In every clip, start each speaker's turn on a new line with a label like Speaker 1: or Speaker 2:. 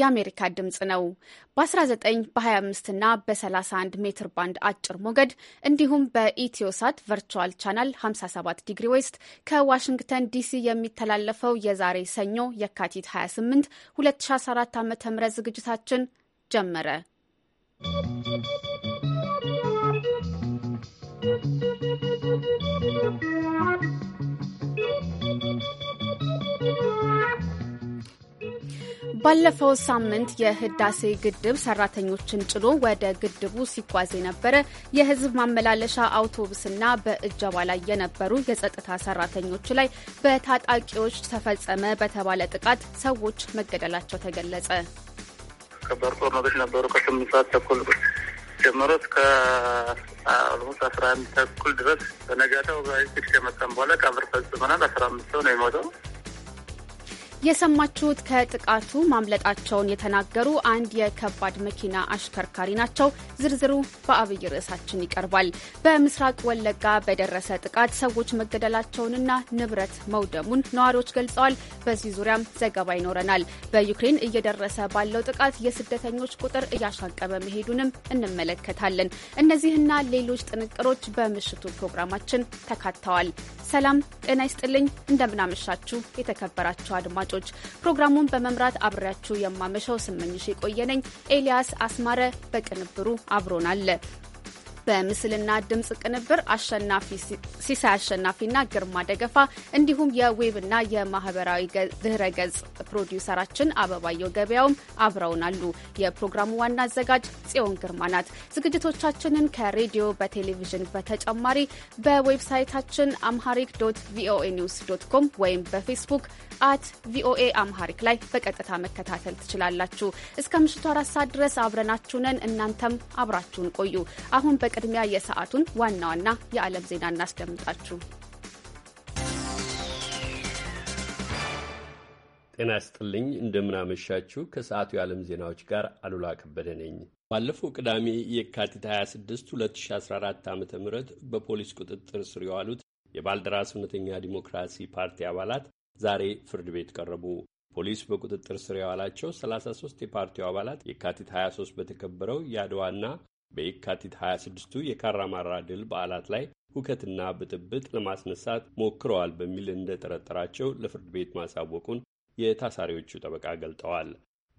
Speaker 1: የአሜሪካ ድምፅ ነው። በ19 በ25 እና በ31 ሜትር ባንድ አጭር ሞገድ እንዲሁም በኢትዮሳት ቨርቹዋል ቻናል 57 ዲግሪ ዌስት ከዋሽንግተን ዲሲ የሚተላለፈው የዛሬ ሰኞ የካቲት 28 2014 ዓ ም ዝግጅታችን ጀመረ። ባለፈው ሳምንት የህዳሴ ግድብ ሰራተኞችን ጭኖ ወደ ግድቡ ሲጓዝ የነበረ የህዝብ ማመላለሻ አውቶቡስና በእጀባ ላይ የነበሩ የጸጥታ ሰራተኞች ላይ በታጣቂዎች ተፈጸመ በተባለ ጥቃት ሰዎች መገደላቸው ተገለጸ።
Speaker 2: ከባድ ጦርነቶች ነበሩ። ከስምንት ሰዓት ተኩል ጀምሮ እስከ አልሙስ አስራ አንድ ተኩል ድረስ በነጋታው ጋዜቶች ከመጣም በኋላ ቀብር ፈጽመናል። አስራ አምስት ሰው ነው የሞተው።
Speaker 1: የሰማችሁት ከጥቃቱ ማምለጣቸውን የተናገሩ አንድ የከባድ መኪና አሽከርካሪ ናቸው። ዝርዝሩ በአብይ ርዕሳችን ይቀርባል። በምስራቅ ወለጋ በደረሰ ጥቃት ሰዎች መገደላቸውንና ንብረት መውደሙን ነዋሪዎች ገልጸዋል። በዚህ ዙሪያም ዘገባ ይኖረናል። በዩክሬን እየደረሰ ባለው ጥቃት የስደተኞች ቁጥር እያሻቀበ መሄዱንም እንመለከታለን። እነዚህና ሌሎች ጥንቅሮች በምሽቱ ፕሮግራማችን ተካተዋል። ሰላም ጤና ይስጥልኝ። እንደምናመሻችሁ የተከበራችሁ አድማጭ አድማጮች ፕሮግራሙን በመምራት አብሬያችሁ የማመሻው ስመኝሽ የቆየነኝ። ኤልያስ አስማረ በቅንብሩ አብሮናል። በምስልና ድምፅ ቅንብር ሲሳይ አሸናፊና ግርማ ደገፋ እንዲሁም የዌብና የማህበራዊ ድህረ ገጽ ፕሮዲውሰራችን አበባየው ገበያውም አብረውናሉ። የፕሮግራሙ ዋና አዘጋጅ ጽዮን ግርማ ናት። ዝግጅቶቻችንን ከሬዲዮ በቴሌቪዥን በተጨማሪ በዌብሳይታችን አምሃሪክ ዶት ቪኦኤ ኒውስ ዶት ኮም ወይም በፌስቡክ አት ቪኦኤ አምሃሪክ ላይ በቀጥታ መከታተል ትችላላችሁ። እስከ ምሽቱ አራት ሰዓት ድረስ አብረናችሁ ነን። እናንተም አብራችሁን ቆዩ። አሁን በቅድሚያ የሰዓቱን ዋና ዋና የዓለም ዜና እናስደምጣችሁ።
Speaker 3: ጤና ይስጥልኝ። እንደምናመሻችሁ። ከሰዓቱ የዓለም ዜናዎች ጋር አሉላ ከበደ ነኝ። ባለፈው ቅዳሜ የካቲት 26 2014 ዓ ም በፖሊስ ቁጥጥር ስር የዋሉት የባልደራስ እውነተኛ ዲሞክራሲ ፓርቲ አባላት ዛሬ ፍርድ ቤት ቀረቡ። ፖሊስ በቁጥጥር ስር የዋላቸው 33 የፓርቲው አባላት የካቲት 23 በተከበረው የአድዋና በየካቲት 26ቱ የካራማራ ድል በዓላት ላይ ሁከትና ብጥብጥ ለማስነሳት ሞክረዋል በሚል እንደጠረጠራቸው ለፍርድ ቤት ማሳወቁን የታሳሪዎቹ ጠበቃ ገልጠዋል።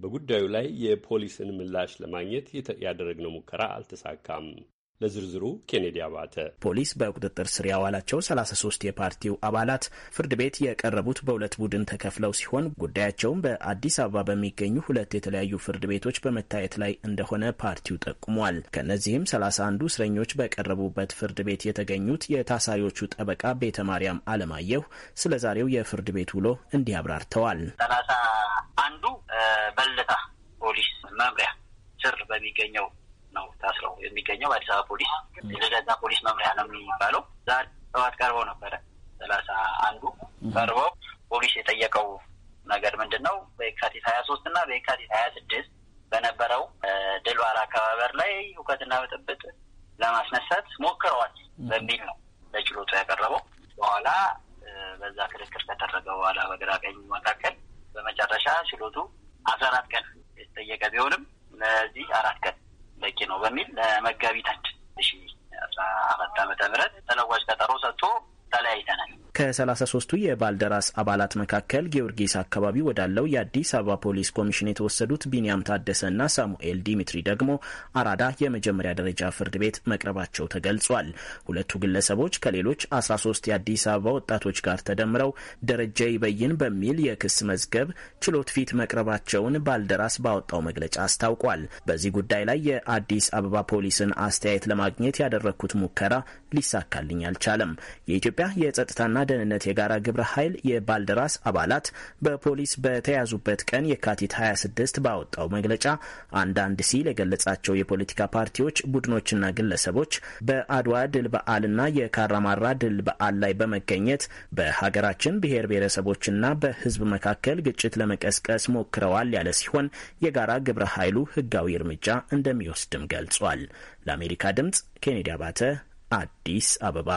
Speaker 3: በጉዳዩ ላይ የፖሊስን ምላሽ ለማግኘት ያደረግነው ሙከራ አልተሳካም። ለዝርዝሩ ኬኔዲ አባተ።
Speaker 4: ፖሊስ በቁጥጥር ስር ያዋላቸው 33 የፓርቲው አባላት ፍርድ ቤት የቀረቡት በሁለት ቡድን ተከፍለው ሲሆን ጉዳያቸውም በአዲስ አበባ በሚገኙ ሁለት የተለያዩ ፍርድ ቤቶች በመታየት ላይ እንደሆነ ፓርቲው ጠቁሟል። ከእነዚህም 31 እስረኞች በቀረቡበት ፍርድ ቤት የተገኙት የታሳሪዎቹ ጠበቃ ቤተ ማርያም አለማየሁ ስለ ዛሬው የፍርድ ቤት ውሎ እንዲህ አብራርተዋል። ሰላሳ አንዱ
Speaker 5: በልደታ ፖሊስ መምሪያ ስር በሚገኘው ነው ታስረው የሚገኘው በአዲስ አበባ ፖሊስ የደጋዛ ፖሊስ መምሪያ ነው የሚባለው። ዛሬ ጠዋት ቀርበው ነበረ ሰላሳ አንዱ ቀርበው ፖሊስ የጠየቀው ነገር ምንድን ነው በየካቲት ሀያ ሶስት እና በየካቲት ሀያ ስድስት በነበረው ድል አከባበር ላይ ሁከትና ብጥብጥ ለማስነሳት ሞክረዋል በሚል ነው ለችሎቱ ያቀረበው። በኋላ በዛ ክርክር ከተደረገ በኋላ በግራ ቀኝ መካከል በመጨረሻ ችሎቱ አስራ አራት ቀን የተጠየቀ ቢሆንም ለዚህ አራት ቀን በቂ ነው በሚል ለመጋቢታችን ሺ አስራ አራት ዓመተ ምህረት ተለዋጭ ቀጠሮ ሰጥቶ
Speaker 4: ተለያይተናል። ከ33ቱ የባልደራስ አባላት መካከል ጊዮርጊስ አካባቢ ወዳለው የአዲስ አበባ ፖሊስ ኮሚሽን የተወሰዱት ቢንያም ታደሰና ሳሙኤል ዲሚትሪ ደግሞ አራዳ የመጀመሪያ ደረጃ ፍርድ ቤት መቅረባቸው ተገልጿል። ሁለቱ ግለሰቦች ከሌሎች 13 የአዲስ አበባ ወጣቶች ጋር ተደምረው ደረጃ ይበይን በሚል የክስ መዝገብ ችሎት ፊት መቅረባቸውን ባልደራስ ባወጣው መግለጫ አስታውቋል። በዚህ ጉዳይ ላይ የአዲስ አበባ ፖሊስን አስተያየት ለማግኘት ያደረግኩት ሙከራ ሊሳካልኝ አልቻለም። የኢትዮጵያ የጸጥታና ደህንነት የጋራ ግብረ ኃይል የባልደራስ አባላት በፖሊስ በተያዙበት ቀን የካቲት 26 ባወጣው መግለጫ አንዳንድ ሲል የገለጻቸው የፖለቲካ ፓርቲዎች፣ ቡድኖችና ግለሰቦች በአድዋ ድል በዓልና የካራማራ ድል በዓል ላይ በመገኘት በሀገራችን ብሔር ብሔረሰቦችና በህዝብ መካከል ግጭት ለመቀስቀስ ሞክረዋል ያለ ሲሆን የጋራ ግብረ ኃይሉ ህጋዊ እርምጃ እንደሚወስድም
Speaker 3: ገልጿል። ለአሜሪካ ድምጽ ኬኔዲ አባተ አዲስ አበባ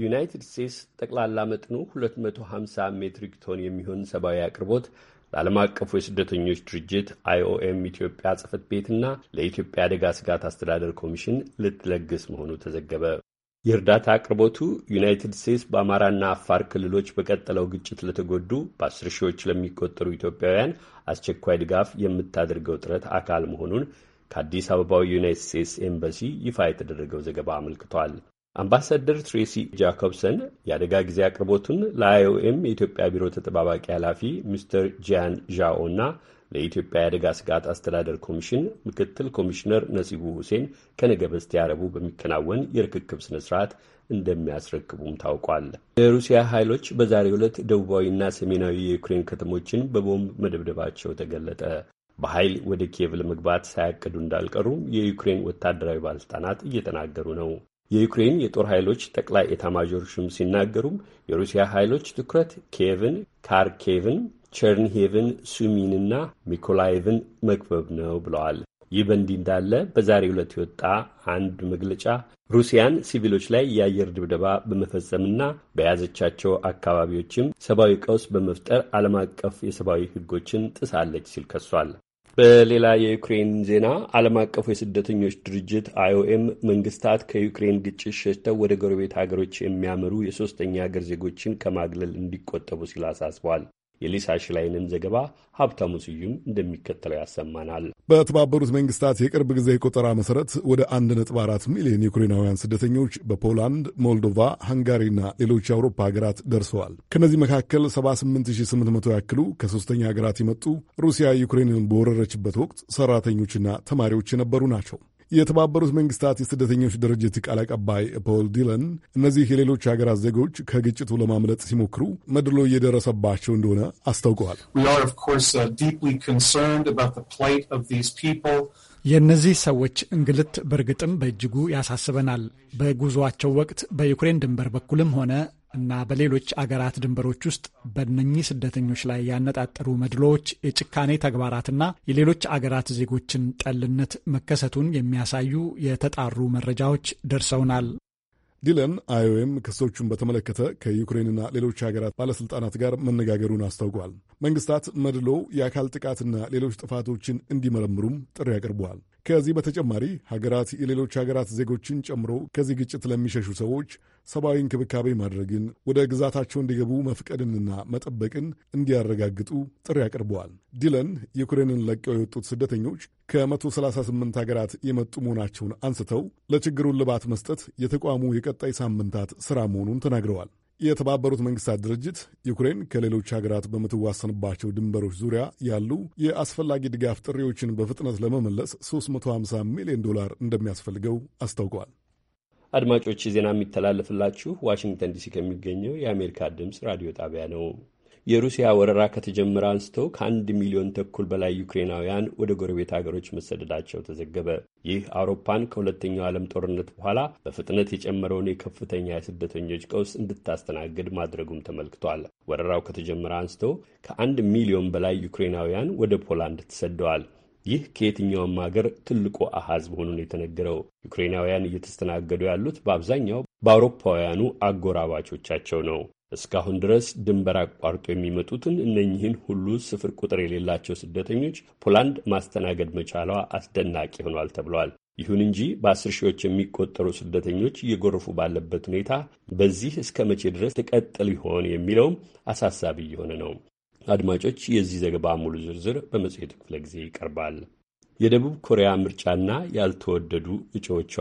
Speaker 3: ዩናይትድ ስቴትስ ጠቅላላ መጥኑ 250 ሜትሪክ ቶን የሚሆን ሰብአዊ አቅርቦት ለዓለም አቀፉ የስደተኞች ድርጅት አይኦኤም ኢትዮጵያ ጽሕፈት ቤትና ለኢትዮጵያ አደጋ ስጋት አስተዳደር ኮሚሽን ልትለግስ መሆኑ ተዘገበ። የእርዳታ አቅርቦቱ ዩናይትድ ስቴትስ በአማራና አፋር ክልሎች በቀጠለው ግጭት ለተጎዱ በአስር ሺዎች ለሚቆጠሩ ኢትዮጵያውያን አስቸኳይ ድጋፍ የምታደርገው ጥረት አካል መሆኑን ከአዲስ አበባው ዩናይትድ ስቴትስ ኤምባሲ ይፋ የተደረገው ዘገባ አመልክቷል። አምባሳደር ትሬሲ ጃኮብሰን የአደጋ ጊዜ አቅርቦቱን ለአይኦኤም የኢትዮጵያ ቢሮ ተጠባባቂ ኃላፊ ሚስተር ጂያን ዣኦ እና ለኢትዮጵያ የአደጋ ስጋት አስተዳደር ኮሚሽን ምክትል ኮሚሽነር ነሲቡ ሁሴን ከነገ በስቲያ ረቡዕ በሚከናወን የርክክብ ስነ ስርዓት እንደሚያስረክቡም ታውቋል። የሩሲያ ኃይሎች በዛሬው ዕለት ደቡባዊና ሰሜናዊ የዩክሬን ከተሞችን በቦምብ መደብደባቸው ተገለጠ። በኃይል ወደ ኪየቭ ለመግባት ሳያቅዱ እንዳልቀሩ የዩክሬን ወታደራዊ ባለስልጣናት እየተናገሩ ነው። የዩክሬን የጦር ኃይሎች ጠቅላይ ኤታማዦር ሹም ሲናገሩም የሩሲያ ኃይሎች ትኩረት ኪየቭን፣ ካርኬቭን፣ ቸርንሄቭን፣ ሱሚንና ሚኮላይቭን መክበብ ነው ብለዋል። ይህ በእንዲህ እንዳለ በዛሬ ዕለት የወጣ አንድ መግለጫ ሩሲያን ሲቪሎች ላይ የአየር ድብደባ በመፈጸምና በያዘቻቸው አካባቢዎችም ሰብአዊ ቀውስ በመፍጠር ዓለም አቀፍ የሰብአዊ ሕጎችን ጥሳለች ሲል ከሷል። በሌላ የዩክሬን ዜና ዓለም አቀፉ የስደተኞች ድርጅት አይኦኤም መንግስታት ከዩክሬን ግጭት ሸሽተው ወደ ጎረቤት ሀገሮች የሚያምሩ የሶስተኛ ሀገር ዜጎችን ከማግለል እንዲቆጠቡ ሲል አሳስቧል። የሊሳ ሽላይንን ዘገባ ሀብታሙ ስዩም እንደሚከተለው ያሰማናል።
Speaker 6: በተባበሩት መንግስታት የቅርብ ጊዜ ቆጠራ መሠረት ወደ 1.4 ሚሊዮን ዩክሬናውያን ስደተኞች በፖላንድ፣ ሞልዶቫ፣ ሃንጋሪና ሌሎች የአውሮፓ ሀገራት ደርሰዋል። ከእነዚህ መካከል 78800 ያክሉ ከሦስተኛ ሀገራት የመጡ ሩሲያ ዩክሬንን በወረረችበት ወቅት ሠራተኞችና ተማሪዎች የነበሩ ናቸው። የተባበሩት መንግስታት የስደተኞች ድርጅት ቃል አቀባይ ፖል ዲለን እነዚህ የሌሎች ሀገራት ዜጎች ከግጭቱ ለማምለጥ ሲሞክሩ መድሎ እየደረሰባቸው እንደሆነ አስታውቀዋል።
Speaker 2: uh,
Speaker 6: የእነዚህ ሰዎች
Speaker 7: እንግልት በእርግጥም በእጅጉ ያሳስበናል። በጉዞአቸው ወቅት በዩክሬን ድንበር በኩልም ሆነ እና በሌሎች አገራት ድንበሮች ውስጥ በነኚህ ስደተኞች ላይ ያነጣጠሩ መድሎዎች፣ የጭካኔ ተግባራትና የሌሎች አገራት ዜጎችን ጠልነት መከሰቱን የሚያሳዩ የተጣሩ መረጃዎች ደርሰውናል።
Speaker 6: ዲለን አይኦኤም ክሶቹን በተመለከተ ከዩክሬንና ሌሎች ሀገራት ባለሥልጣናት ጋር መነጋገሩን አስታውቋል። መንግስታት መድሎ፣ የአካል ጥቃትና ሌሎች ጥፋቶችን እንዲመረምሩም ጥሪ አቅርበዋል። ከዚህ በተጨማሪ ሀገራት የሌሎች ሀገራት ዜጎችን ጨምሮ ከዚህ ግጭት ለሚሸሹ ሰዎች ሰብአዊ እንክብካቤ ማድረግን፣ ወደ ግዛታቸው እንዲገቡ መፍቀድንና መጠበቅን እንዲያረጋግጡ ጥሪ አቅርበዋል። ዲለን ዩክሬንን ለቀው የወጡት ስደተኞች ከ138 ሀገራት የመጡ መሆናቸውን አንስተው ለችግሩን ልባት መስጠት የተቋሙ የቀጣይ ሳምንታት ሥራ መሆኑን ተናግረዋል። የተባበሩት መንግስታት ድርጅት ዩክሬን ከሌሎች ሀገራት በምትዋሰንባቸው ድንበሮች ዙሪያ ያሉ የአስፈላጊ ድጋፍ ጥሪዎችን በፍጥነት ለመመለስ 350 ሚሊዮን ዶላር እንደሚያስፈልገው አስታውቀዋል።
Speaker 3: አድማጮች ዜና የሚተላለፍላችሁ ዋሽንግተን ዲሲ ከሚገኘው የአሜሪካ ድምፅ ራዲዮ ጣቢያ ነው። የሩሲያ ወረራ ከተጀመረ አንስቶ ከአንድ ሚሊዮን ተኩል በላይ ዩክሬናውያን ወደ ጎረቤት አገሮች መሰደዳቸው ተዘገበ። ይህ አውሮፓን ከሁለተኛው ዓለም ጦርነት በኋላ በፍጥነት የጨመረውን የከፍተኛ የስደተኞች ቀውስ እንድታስተናግድ ማድረጉም ተመልክቷል። ወረራው ከተጀመረ አንስቶ ከአንድ ሚሊዮን በላይ ዩክሬናውያን ወደ ፖላንድ ተሰደዋል። ይህ ከየትኛውም ሀገር ትልቁ አሃዝ መሆኑን የተነገረው ዩክሬናውያን እየተስተናገዱ ያሉት በአብዛኛው በአውሮፓውያኑ አጎራባቾቻቸው ነው። እስካሁን ድረስ ድንበር አቋርጦ የሚመጡትን እነኚህን ሁሉ ስፍር ቁጥር የሌላቸው ስደተኞች ፖላንድ ማስተናገድ መቻሏ አስደናቂ ሆኗል ተብሏል። ይሁን እንጂ በአስር ሺዎች የሚቆጠሩ ስደተኞች እየጎረፉ ባለበት ሁኔታ በዚህ እስከ መቼ ድረስ ትቀጥል ይሆን የሚለውም አሳሳቢ እየሆነ ነው። አድማጮች፣ የዚህ ዘገባ ሙሉ ዝርዝር በመጽሔቱ ክፍለ ጊዜ ይቀርባል። የደቡብ ኮሪያ ምርጫና ያልተወደዱ እጩዎቿ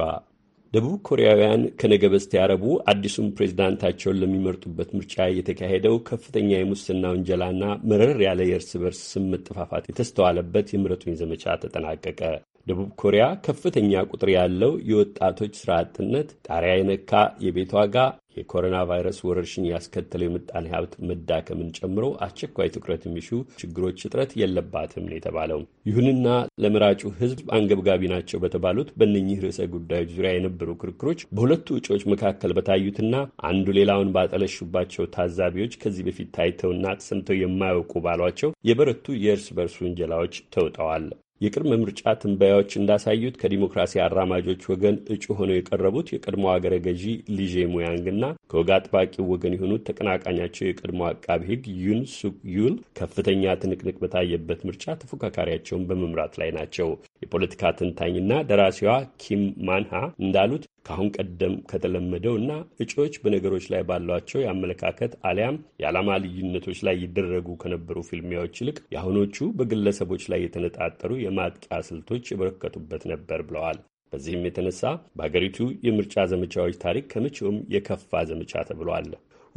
Speaker 3: ደቡብ ኮሪያውያን ከነገ በስቲያ ረቡዕ አዲሱን ፕሬዝዳንታቸውን ለሚመርጡበት ምርጫ የተካሄደው ከፍተኛ የሙስና ውንጀላና መረር ያለ የእርስ በርስ ስም መጠፋፋት የተስተዋለበት የምረጡኝ ዘመቻ ተጠናቀቀ። ደቡብ ኮሪያ ከፍተኛ ቁጥር ያለው የወጣቶች ስራ አጥነት፣ ጣሪያ የነካ የቤት ዋጋ፣ የኮሮና ቫይረስ ወረርሽኝ ያስከተለው የምጣኔ ሀብት መዳከምን ጨምሮ አስቸኳይ ትኩረት የሚሹ ችግሮች እጥረት የለባትም ነው የተባለው። ይሁንና ለመራጩ ሕዝብ አንገብጋቢ ናቸው በተባሉት በእነኚህ ርዕሰ ጉዳዮች ዙሪያ የነበሩ ክርክሮች በሁለቱ እጩዎች መካከል በታዩትና አንዱ ሌላውን ባጠለሹባቸው ታዛቢዎች ከዚህ በፊት ታይተውና ተሰምተው የማያውቁ ባሏቸው የበረቱ የእርስ በርስ ውንጀላዎች ተውጠዋል። የቅድመ ምርጫ ትንበያዎች እንዳሳዩት ከዲሞክራሲ አራማጆች ወገን እጩ ሆነው የቀረቡት የቀድሞ አገረ ገዢ ሊዤ ሙያንግና ከወግ አጥባቂው ወገን የሆኑት ተቀናቃኛቸው የቀድሞ አቃቢ ሕግ ዩን ሱክ ዩል ከፍተኛ ትንቅንቅ በታየበት ምርጫ ተፎካካሪያቸውን በመምራት ላይ ናቸው። የፖለቲካ ተንታኝና ደራሲዋ ኪም ማንሃ እንዳሉት ከአሁን ቀደም ከተለመደው እና እጩዎች በነገሮች ላይ ባሏቸው የአመለካከት አሊያም የዓላማ ልዩነቶች ላይ ይደረጉ ከነበሩ ፊልሚያዎች ይልቅ የአሁኖቹ በግለሰቦች ላይ የተነጣጠሩ የማጥቂያ ስልቶች የበረከቱበት ነበር ብለዋል። በዚህም የተነሳ በሀገሪቱ የምርጫ ዘመቻዎች ታሪክ ከመቼውም የከፋ ዘመቻ ተብሏል።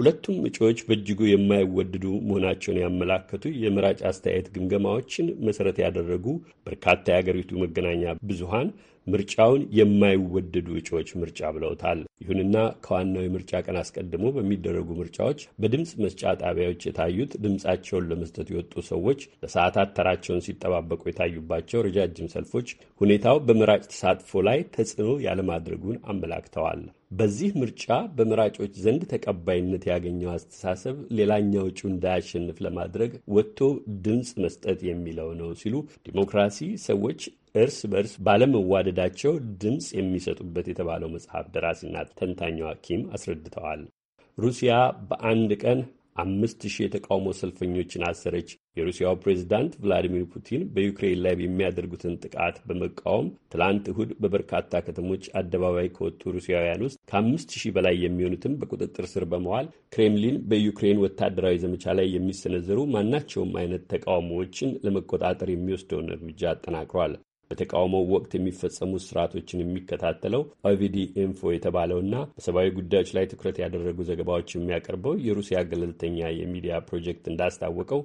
Speaker 3: ሁለቱም እጩዎች በእጅጉ የማይወደዱ መሆናቸውን ያመላከቱ የመራጭ አስተያየት ግምገማዎችን መሰረት ያደረጉ በርካታ የአገሪቱ መገናኛ ብዙሃን ምርጫውን የማይወደዱ እጩዎች ምርጫ ብለውታል። ይሁንና ከዋናው የምርጫ ቀን አስቀድሞ በሚደረጉ ምርጫዎች በድምፅ መስጫ ጣቢያዎች የታዩት ድምፃቸውን ለመስጠት የወጡ ሰዎች ለሰዓታት ተራቸውን ሲጠባበቁ የታዩባቸው ረጃጅም ሰልፎች ሁኔታው በመራጭ ተሳትፎ ላይ ተጽዕኖ ያለማድረጉን አመላክተዋል። በዚህ ምርጫ በመራጮች ዘንድ ተቀባይነት ያገኘው አስተሳሰብ ሌላኛው እጩ እንዳያሸንፍ ለማድረግ ወጥቶ ድምፅ መስጠት የሚለው ነው ሲሉ ዲሞክራሲ ሰዎች እርስ በርስ ባለመዋደዳቸው ድምፅ የሚሰጡበት የተባለው መጽሐፍ ደራሲና ተንታኛዋ ኪም አስረድተዋል። ሩሲያ በአንድ ቀን አምስት ሺህ የተቃውሞ ሰልፈኞችን አሰረች። የሩሲያው ፕሬዝዳንት ቭላዲሚር ፑቲን በዩክሬን ላይ የሚያደርጉትን ጥቃት በመቃወም ትላንት እሁድ በበርካታ ከተሞች አደባባይ ከወጡ ሩሲያውያን ውስጥ ከአምስት ሺህ በላይ የሚሆኑትን በቁጥጥር ስር በመዋል ክሬምሊን በዩክሬን ወታደራዊ ዘመቻ ላይ የሚሰነዘሩ ማናቸውም አይነት ተቃውሞዎችን ለመቆጣጠር የሚወስደውን እርምጃ አጠናክሯል። በተቃውሞው ወቅት የሚፈጸሙ ስርዓቶችን የሚከታተለው ኦቪዲ ኢንፎ የተባለውና በሰብአዊ ጉዳዮች ላይ ትኩረት ያደረጉ ዘገባዎች የሚያቀርበው የሩሲያ ገለልተኛ የሚዲያ ፕሮጀክት እንዳስታወቀው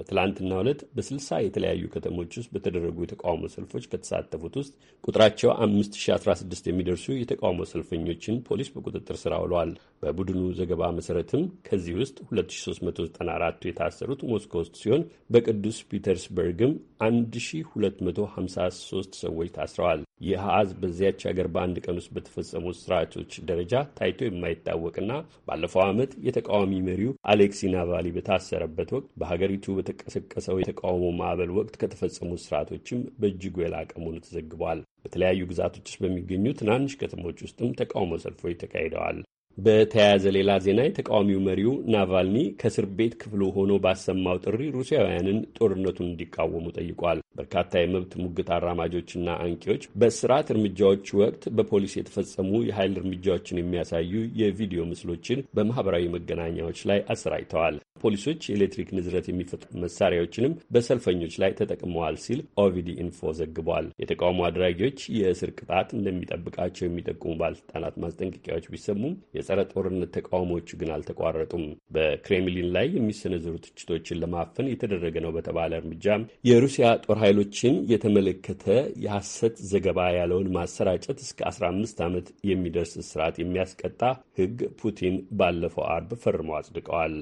Speaker 3: በትላንትናው ዕለት በስልሳ የተለያዩ ከተሞች ውስጥ በተደረጉ የተቃውሞ ሰልፎች ከተሳተፉት ውስጥ ቁጥራቸው 5016 የሚደርሱ የተቃውሞ ሰልፈኞችን ፖሊስ በቁጥጥር ስር አውሏል። በቡድኑ ዘገባ መሰረትም ከዚህ ውስጥ 2394ቱ የታሰሩት ሞስኮ ውስጥ ሲሆን በቅዱስ ፒተርስበርግም 1253 ሰዎች ታስረዋል። ይህ አዝ በዚያች ሀገር በአንድ ቀን ውስጥ በተፈጸሙ ስርዓቶች ደረጃ ታይቶ የማይታወቅና ባለፈው ዓመት የተቃዋሚ መሪው አሌክሲ ናቫሊ በታሰረበት ወቅት በሀገሪቱ በተቀሰቀሰው የተቃውሞ ማዕበል ወቅት ከተፈጸሙ ስርዓቶችም በእጅጉ የላቀ መሆኑ ተዘግቧል። በተለያዩ ግዛቶች ውስጥ በሚገኙ ትናንሽ ከተሞች ውስጥም ተቃውሞ ሰልፎች ተካሂደዋል። በተያያዘ ሌላ ዜና የተቃዋሚው መሪው ናቫልኒ ከእስር ቤት ክፍሉ ሆኖ ባሰማው ጥሪ ሩሲያውያንን ጦርነቱን እንዲቃወሙ ጠይቋል። በርካታ የመብት ሙግት አራማጆችና አንቂዎች በስርዓት እርምጃዎች ወቅት በፖሊስ የተፈጸሙ የኃይል እርምጃዎችን የሚያሳዩ የቪዲዮ ምስሎችን በማህበራዊ መገናኛዎች ላይ አሰራጭተዋል። ፖሊሶች የኤሌክትሪክ ንዝረት የሚፈጥሩ መሳሪያዎችንም በሰልፈኞች ላይ ተጠቅመዋል ሲል ኦቪዲ ኢንፎ ዘግቧል። የተቃውሞ አድራጊዎች የእስር ቅጣት እንደሚጠብቃቸው የሚጠቁሙ ባለስልጣናት ማስጠንቀቂያዎች ቢሰሙም የጸረ ጦርነት ተቃውሞዎቹ ግን አልተቋረጡም። በክሬምሊን ላይ የሚሰነዘሩ ትችቶችን ለማፈን የተደረገ ነው በተባለ እርምጃ የሩሲያ ጦር ኃይሎችን የተመለከተ የሐሰት ዘገባ ያለውን ማሰራጨት እስከ 15 ዓመት የሚደርስ እስራት የሚያስቀጣ ሕግ ፑቲን ባለፈው አርብ ፈርመው አጽድቀዋል።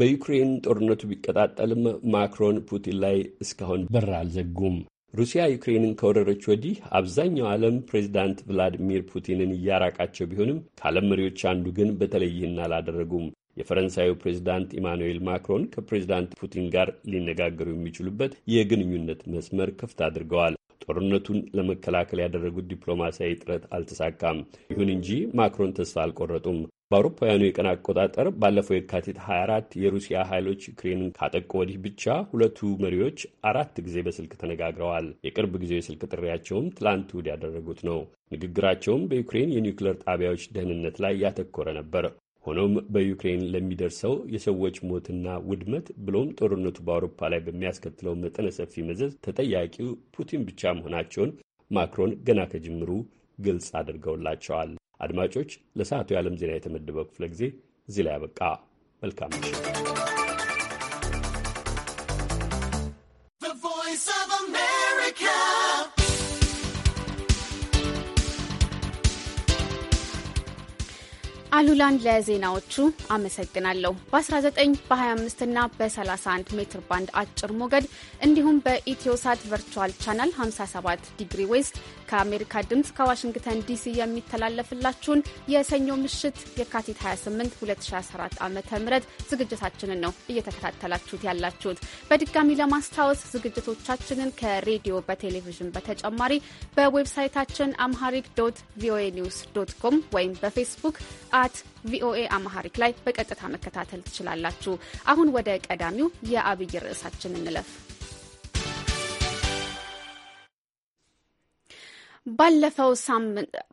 Speaker 3: በዩክሬን ጦርነቱ ቢቀጣጠልም ማክሮን ፑቲን ላይ እስካሁን በር አልዘጉም። ሩሲያ ዩክሬንን ከወረረች ወዲህ አብዛኛው ዓለም ፕሬዚዳንት ቭላዲሚር ፑቲንን እያራቃቸው ቢሆንም ከዓለም መሪዎች አንዱ ግን በተለይ ይህን አላደረጉም። የፈረንሳዩ ፕሬዚዳንት ኢማኑኤል ማክሮን ከፕሬዚዳንት ፑቲን ጋር ሊነጋገሩ የሚችሉበት የግንኙነት መስመር ክፍት አድርገዋል። ጦርነቱን ለመከላከል ያደረጉት ዲፕሎማሲያዊ ጥረት አልተሳካም። ይሁን እንጂ ማክሮን ተስፋ አልቆረጡም። በአውሮፓውያኑ የቀን አቆጣጠር ባለፈው የካቲት 24 የሩሲያ ኃይሎች ዩክሬንን ካጠቁ ወዲህ ብቻ ሁለቱ መሪዎች አራት ጊዜ በስልክ ተነጋግረዋል። የቅርብ ጊዜው የስልክ ጥሪያቸውም ትላንት እሑድ ያደረጉት ነው። ንግግራቸውም በዩክሬን የኒውክሌር ጣቢያዎች ደህንነት ላይ ያተኮረ ነበር። ሆኖም በዩክሬን ለሚደርሰው የሰዎች ሞትና ውድመት ብሎም ጦርነቱ በአውሮፓ ላይ በሚያስከትለው መጠነ ሰፊ መዘዝ ተጠያቂው ፑቲን ብቻ መሆናቸውን ማክሮን ገና ከጅምሩ ግልጽ አድርገውላቸዋል። አድማጮች፣ ለሰዓቱ የዓለም ዜና የተመደበው ክፍለ ጊዜ እዚህ ላይ አበቃ። መልካም ምሽት።
Speaker 1: አሉላን ለዜናዎቹ አመሰግናለሁ። በ19 በ25 እና በ31 ሜትር ባንድ አጭር ሞገድ እንዲሁም በኢትዮሳት ቨርቹዋል ቻናል 57 ዲግሪ ዌስት ከአሜሪካ ድምፅ ከዋሽንግተን ዲሲ የሚተላለፍላችሁን የሰኞ ምሽት የካቲት 28 2014 ዓ ም ዝግጅታችንን ነው እየተከታተላችሁት ያላችሁት። በድጋሚ ለማስታወስ ዝግጅቶቻችንን ከሬዲዮ በቴሌቪዥን በተጨማሪ በዌብሳይታችን አምሃሪክ ዶት ቪኦኤ ኒውስ ዶት ኮም ወይም በፌስቡክ አት ቪኦኤ አማሐሪክ ላይ በቀጥታ መከታተል ትችላላችሁ። አሁን ወደ ቀዳሚው የአብይ ርዕሳችን እንለፍ።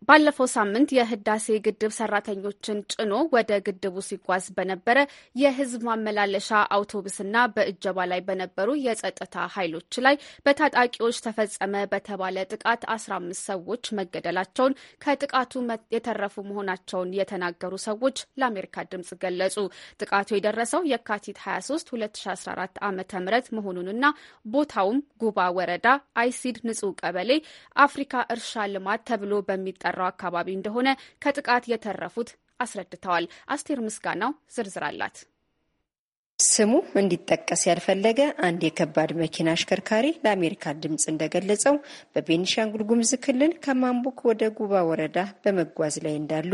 Speaker 1: ባለፈው ሳምንት የህዳሴ ግድብ ሰራተኞችን ጭኖ ወደ ግድቡ ሲጓዝ በነበረ የህዝብ ማመላለሻ አውቶቡስና በእጀባ ላይ በነበሩ የጸጥታ ኃይሎች ላይ በታጣቂዎች ተፈጸመ በተባለ ጥቃት አስራ አምስት ሰዎች መገደላቸውን ከጥቃቱ የተረፉ መሆናቸውን የተናገሩ ሰዎች ለአሜሪካ ድምጽ ገለጹ። ጥቃቱ የደረሰው የካቲት 23 2014 ዓ ም መሆኑንና ቦታውም ጉባ ወረዳ አይሲድ ንጹህ ቀበሌ አፍሪካ የእርሻ ልማት ተብሎ በሚጠራው አካባቢ እንደሆነ ከጥቃት የተረፉት አስረድተዋል። አስቴር ምስጋናው ዝርዝር አላት።
Speaker 8: ስሙ እንዲጠቀስ ያልፈለገ አንድ የከባድ መኪና አሽከርካሪ ለአሜሪካ ድምፅ እንደገለጸው በቤኒሻንጉል ጉምዝ ክልል ከማምቡክ ወደ ጉባ ወረዳ በመጓዝ ላይ እንዳሉ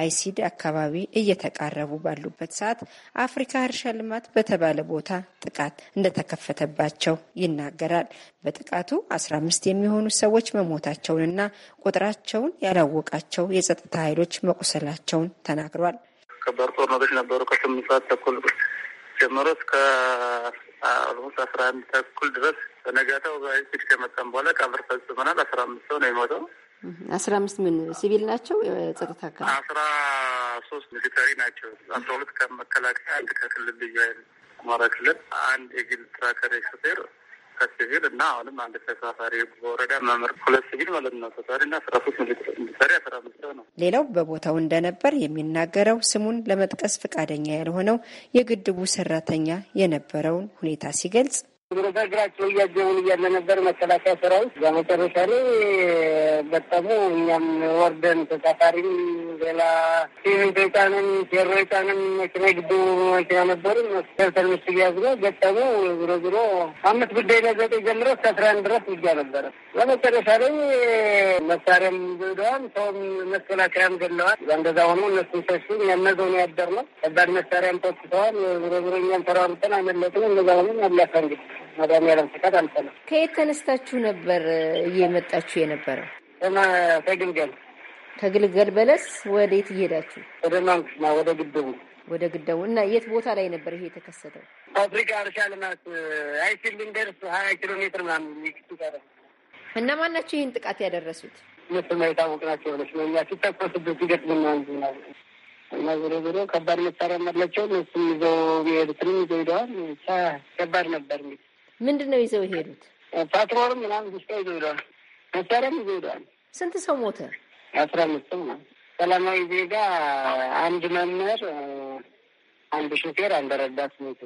Speaker 8: አይሲድ አካባቢ እየተቃረቡ ባሉበት ሰዓት አፍሪካ እርሻ ልማት በተባለ ቦታ ጥቃት እንደተከፈተባቸው ይናገራል። በጥቃቱ 15 የሚሆኑ ሰዎች መሞታቸውንና ቁጥራቸውን ያላወቃቸው የጸጥታ ኃይሎች መቁሰላቸውን ተናግሯል።
Speaker 9: ከባድ ጦርነቶች
Speaker 2: ነበሩ። ከስምንት ሰዓት ተኩል ጀምሮ እስከ አልሞስ አስራ አንድ ተኩል ድረስ በነጋታው ፊት ከመጣም በኋላ ቀብር ፈጽመናል። አስራ አምስት ሰው ነው የሞተው።
Speaker 8: አስራ አምስት ምን ሲቪል ናቸው? ጸጥታ አካል
Speaker 2: አስራ ሶስት ሚሊተሪ ናቸው። አስራ ሁለት ከመከላከያ፣ አንድ ከክልል ልዩ ኃይል አማራ ክልል፣ አንድ የግል ትራከር ሾፌር ከሲቪል እና አሁንም አንድ ተሳፋሪ በወረዳ መምህር ሁለት ሲቪል ማለት ነው ተሳሪ እና አስራ ሶስት
Speaker 8: ሚሊተሪ አስራ አምስት ነው። ሌላው በቦታው እንደነበር የሚናገረው ስሙን ለመጥቀስ ፈቃደኛ ያልሆነው የግድቡ ሰራተኛ የነበረውን ሁኔታ ሲገልጽ
Speaker 9: በእግራቸው እያጀቡን እያለ ነበር መከላከያ ሰራዊት። በመጨረሻ ላይ በጠሙ እኛም ወርደን ተሳፋሪም ሌላ ሲሚንቶ ጫንም ፌሮ ጫንም መኪና ግቡ መኪና ነበሩ ሰርተን ምስ እያዝ ነው ገጠሙ ዝሮ ዝሮ አምስት ጉዳይ ነው ዘጠኝ ጀምሮ እስከ አስራ አንድ ድረስ ውጊያ ነበረ። በመጨረሻ ላይ መሳሪያም ዘውደዋል፣ ሰውም መከላከያም ገለዋል። በእንደዛ ሆኖ እነሱ ሸሹ፣ እኛም ነዘው ነው ያደርነው። ከባድ መሳሪያም ተኩሰዋል። ዝሮ ዝሮ እኛም ተሯሩጠን አመለጥን። እነዛ ሆኑ አላሳ እንግዲህ መድኃኒዓለም ፍቃድ አልፈለም።
Speaker 8: ከየት ተነስታችሁ ነበር እየመጣችሁ የነበረው? ከግልገል ከግልገል በለስ ወዴት እየሄዳችሁ?
Speaker 9: ወደ ማንኩሽና ወደ ግድቡ
Speaker 8: ወደ ግደቡ እና የት ቦታ ላይ ነበር ይሄ የተከሰተው?
Speaker 9: አፍሪካ እርሻ ልማት አይሲል ልንደርስ
Speaker 8: ሀያ ኪሎ ሜትር ምናምን እና ማን ናቸው ይህን ጥቃት ያደረሱት?
Speaker 9: ምስል የታወቅ ናቸው ሆነች ነው እኛ ሲተኮስብን ሲገጥምን ነው እና ዞሮ ዞሮ ከባድ መሳሪያ
Speaker 8: መለቸው እነሱም ይዘው የሄዱትንም ይዘው ሄደዋል። ከባድ ነበር እንግዲህ ምንድን ነው ይዘው የሄዱት? ፓትሮልም ምናምን ጉስታ ይዘው ሄደዋል። መሳሪያም ይዘው ሄደዋል። ስንት ሰው ሞተ? አስራ አምስት ሰው ነው። ሰላማዊ ዜጋ፣ አንድ መምህር፣
Speaker 9: አንድ ሾፌር፣ አንድ ረዳት ሞተ።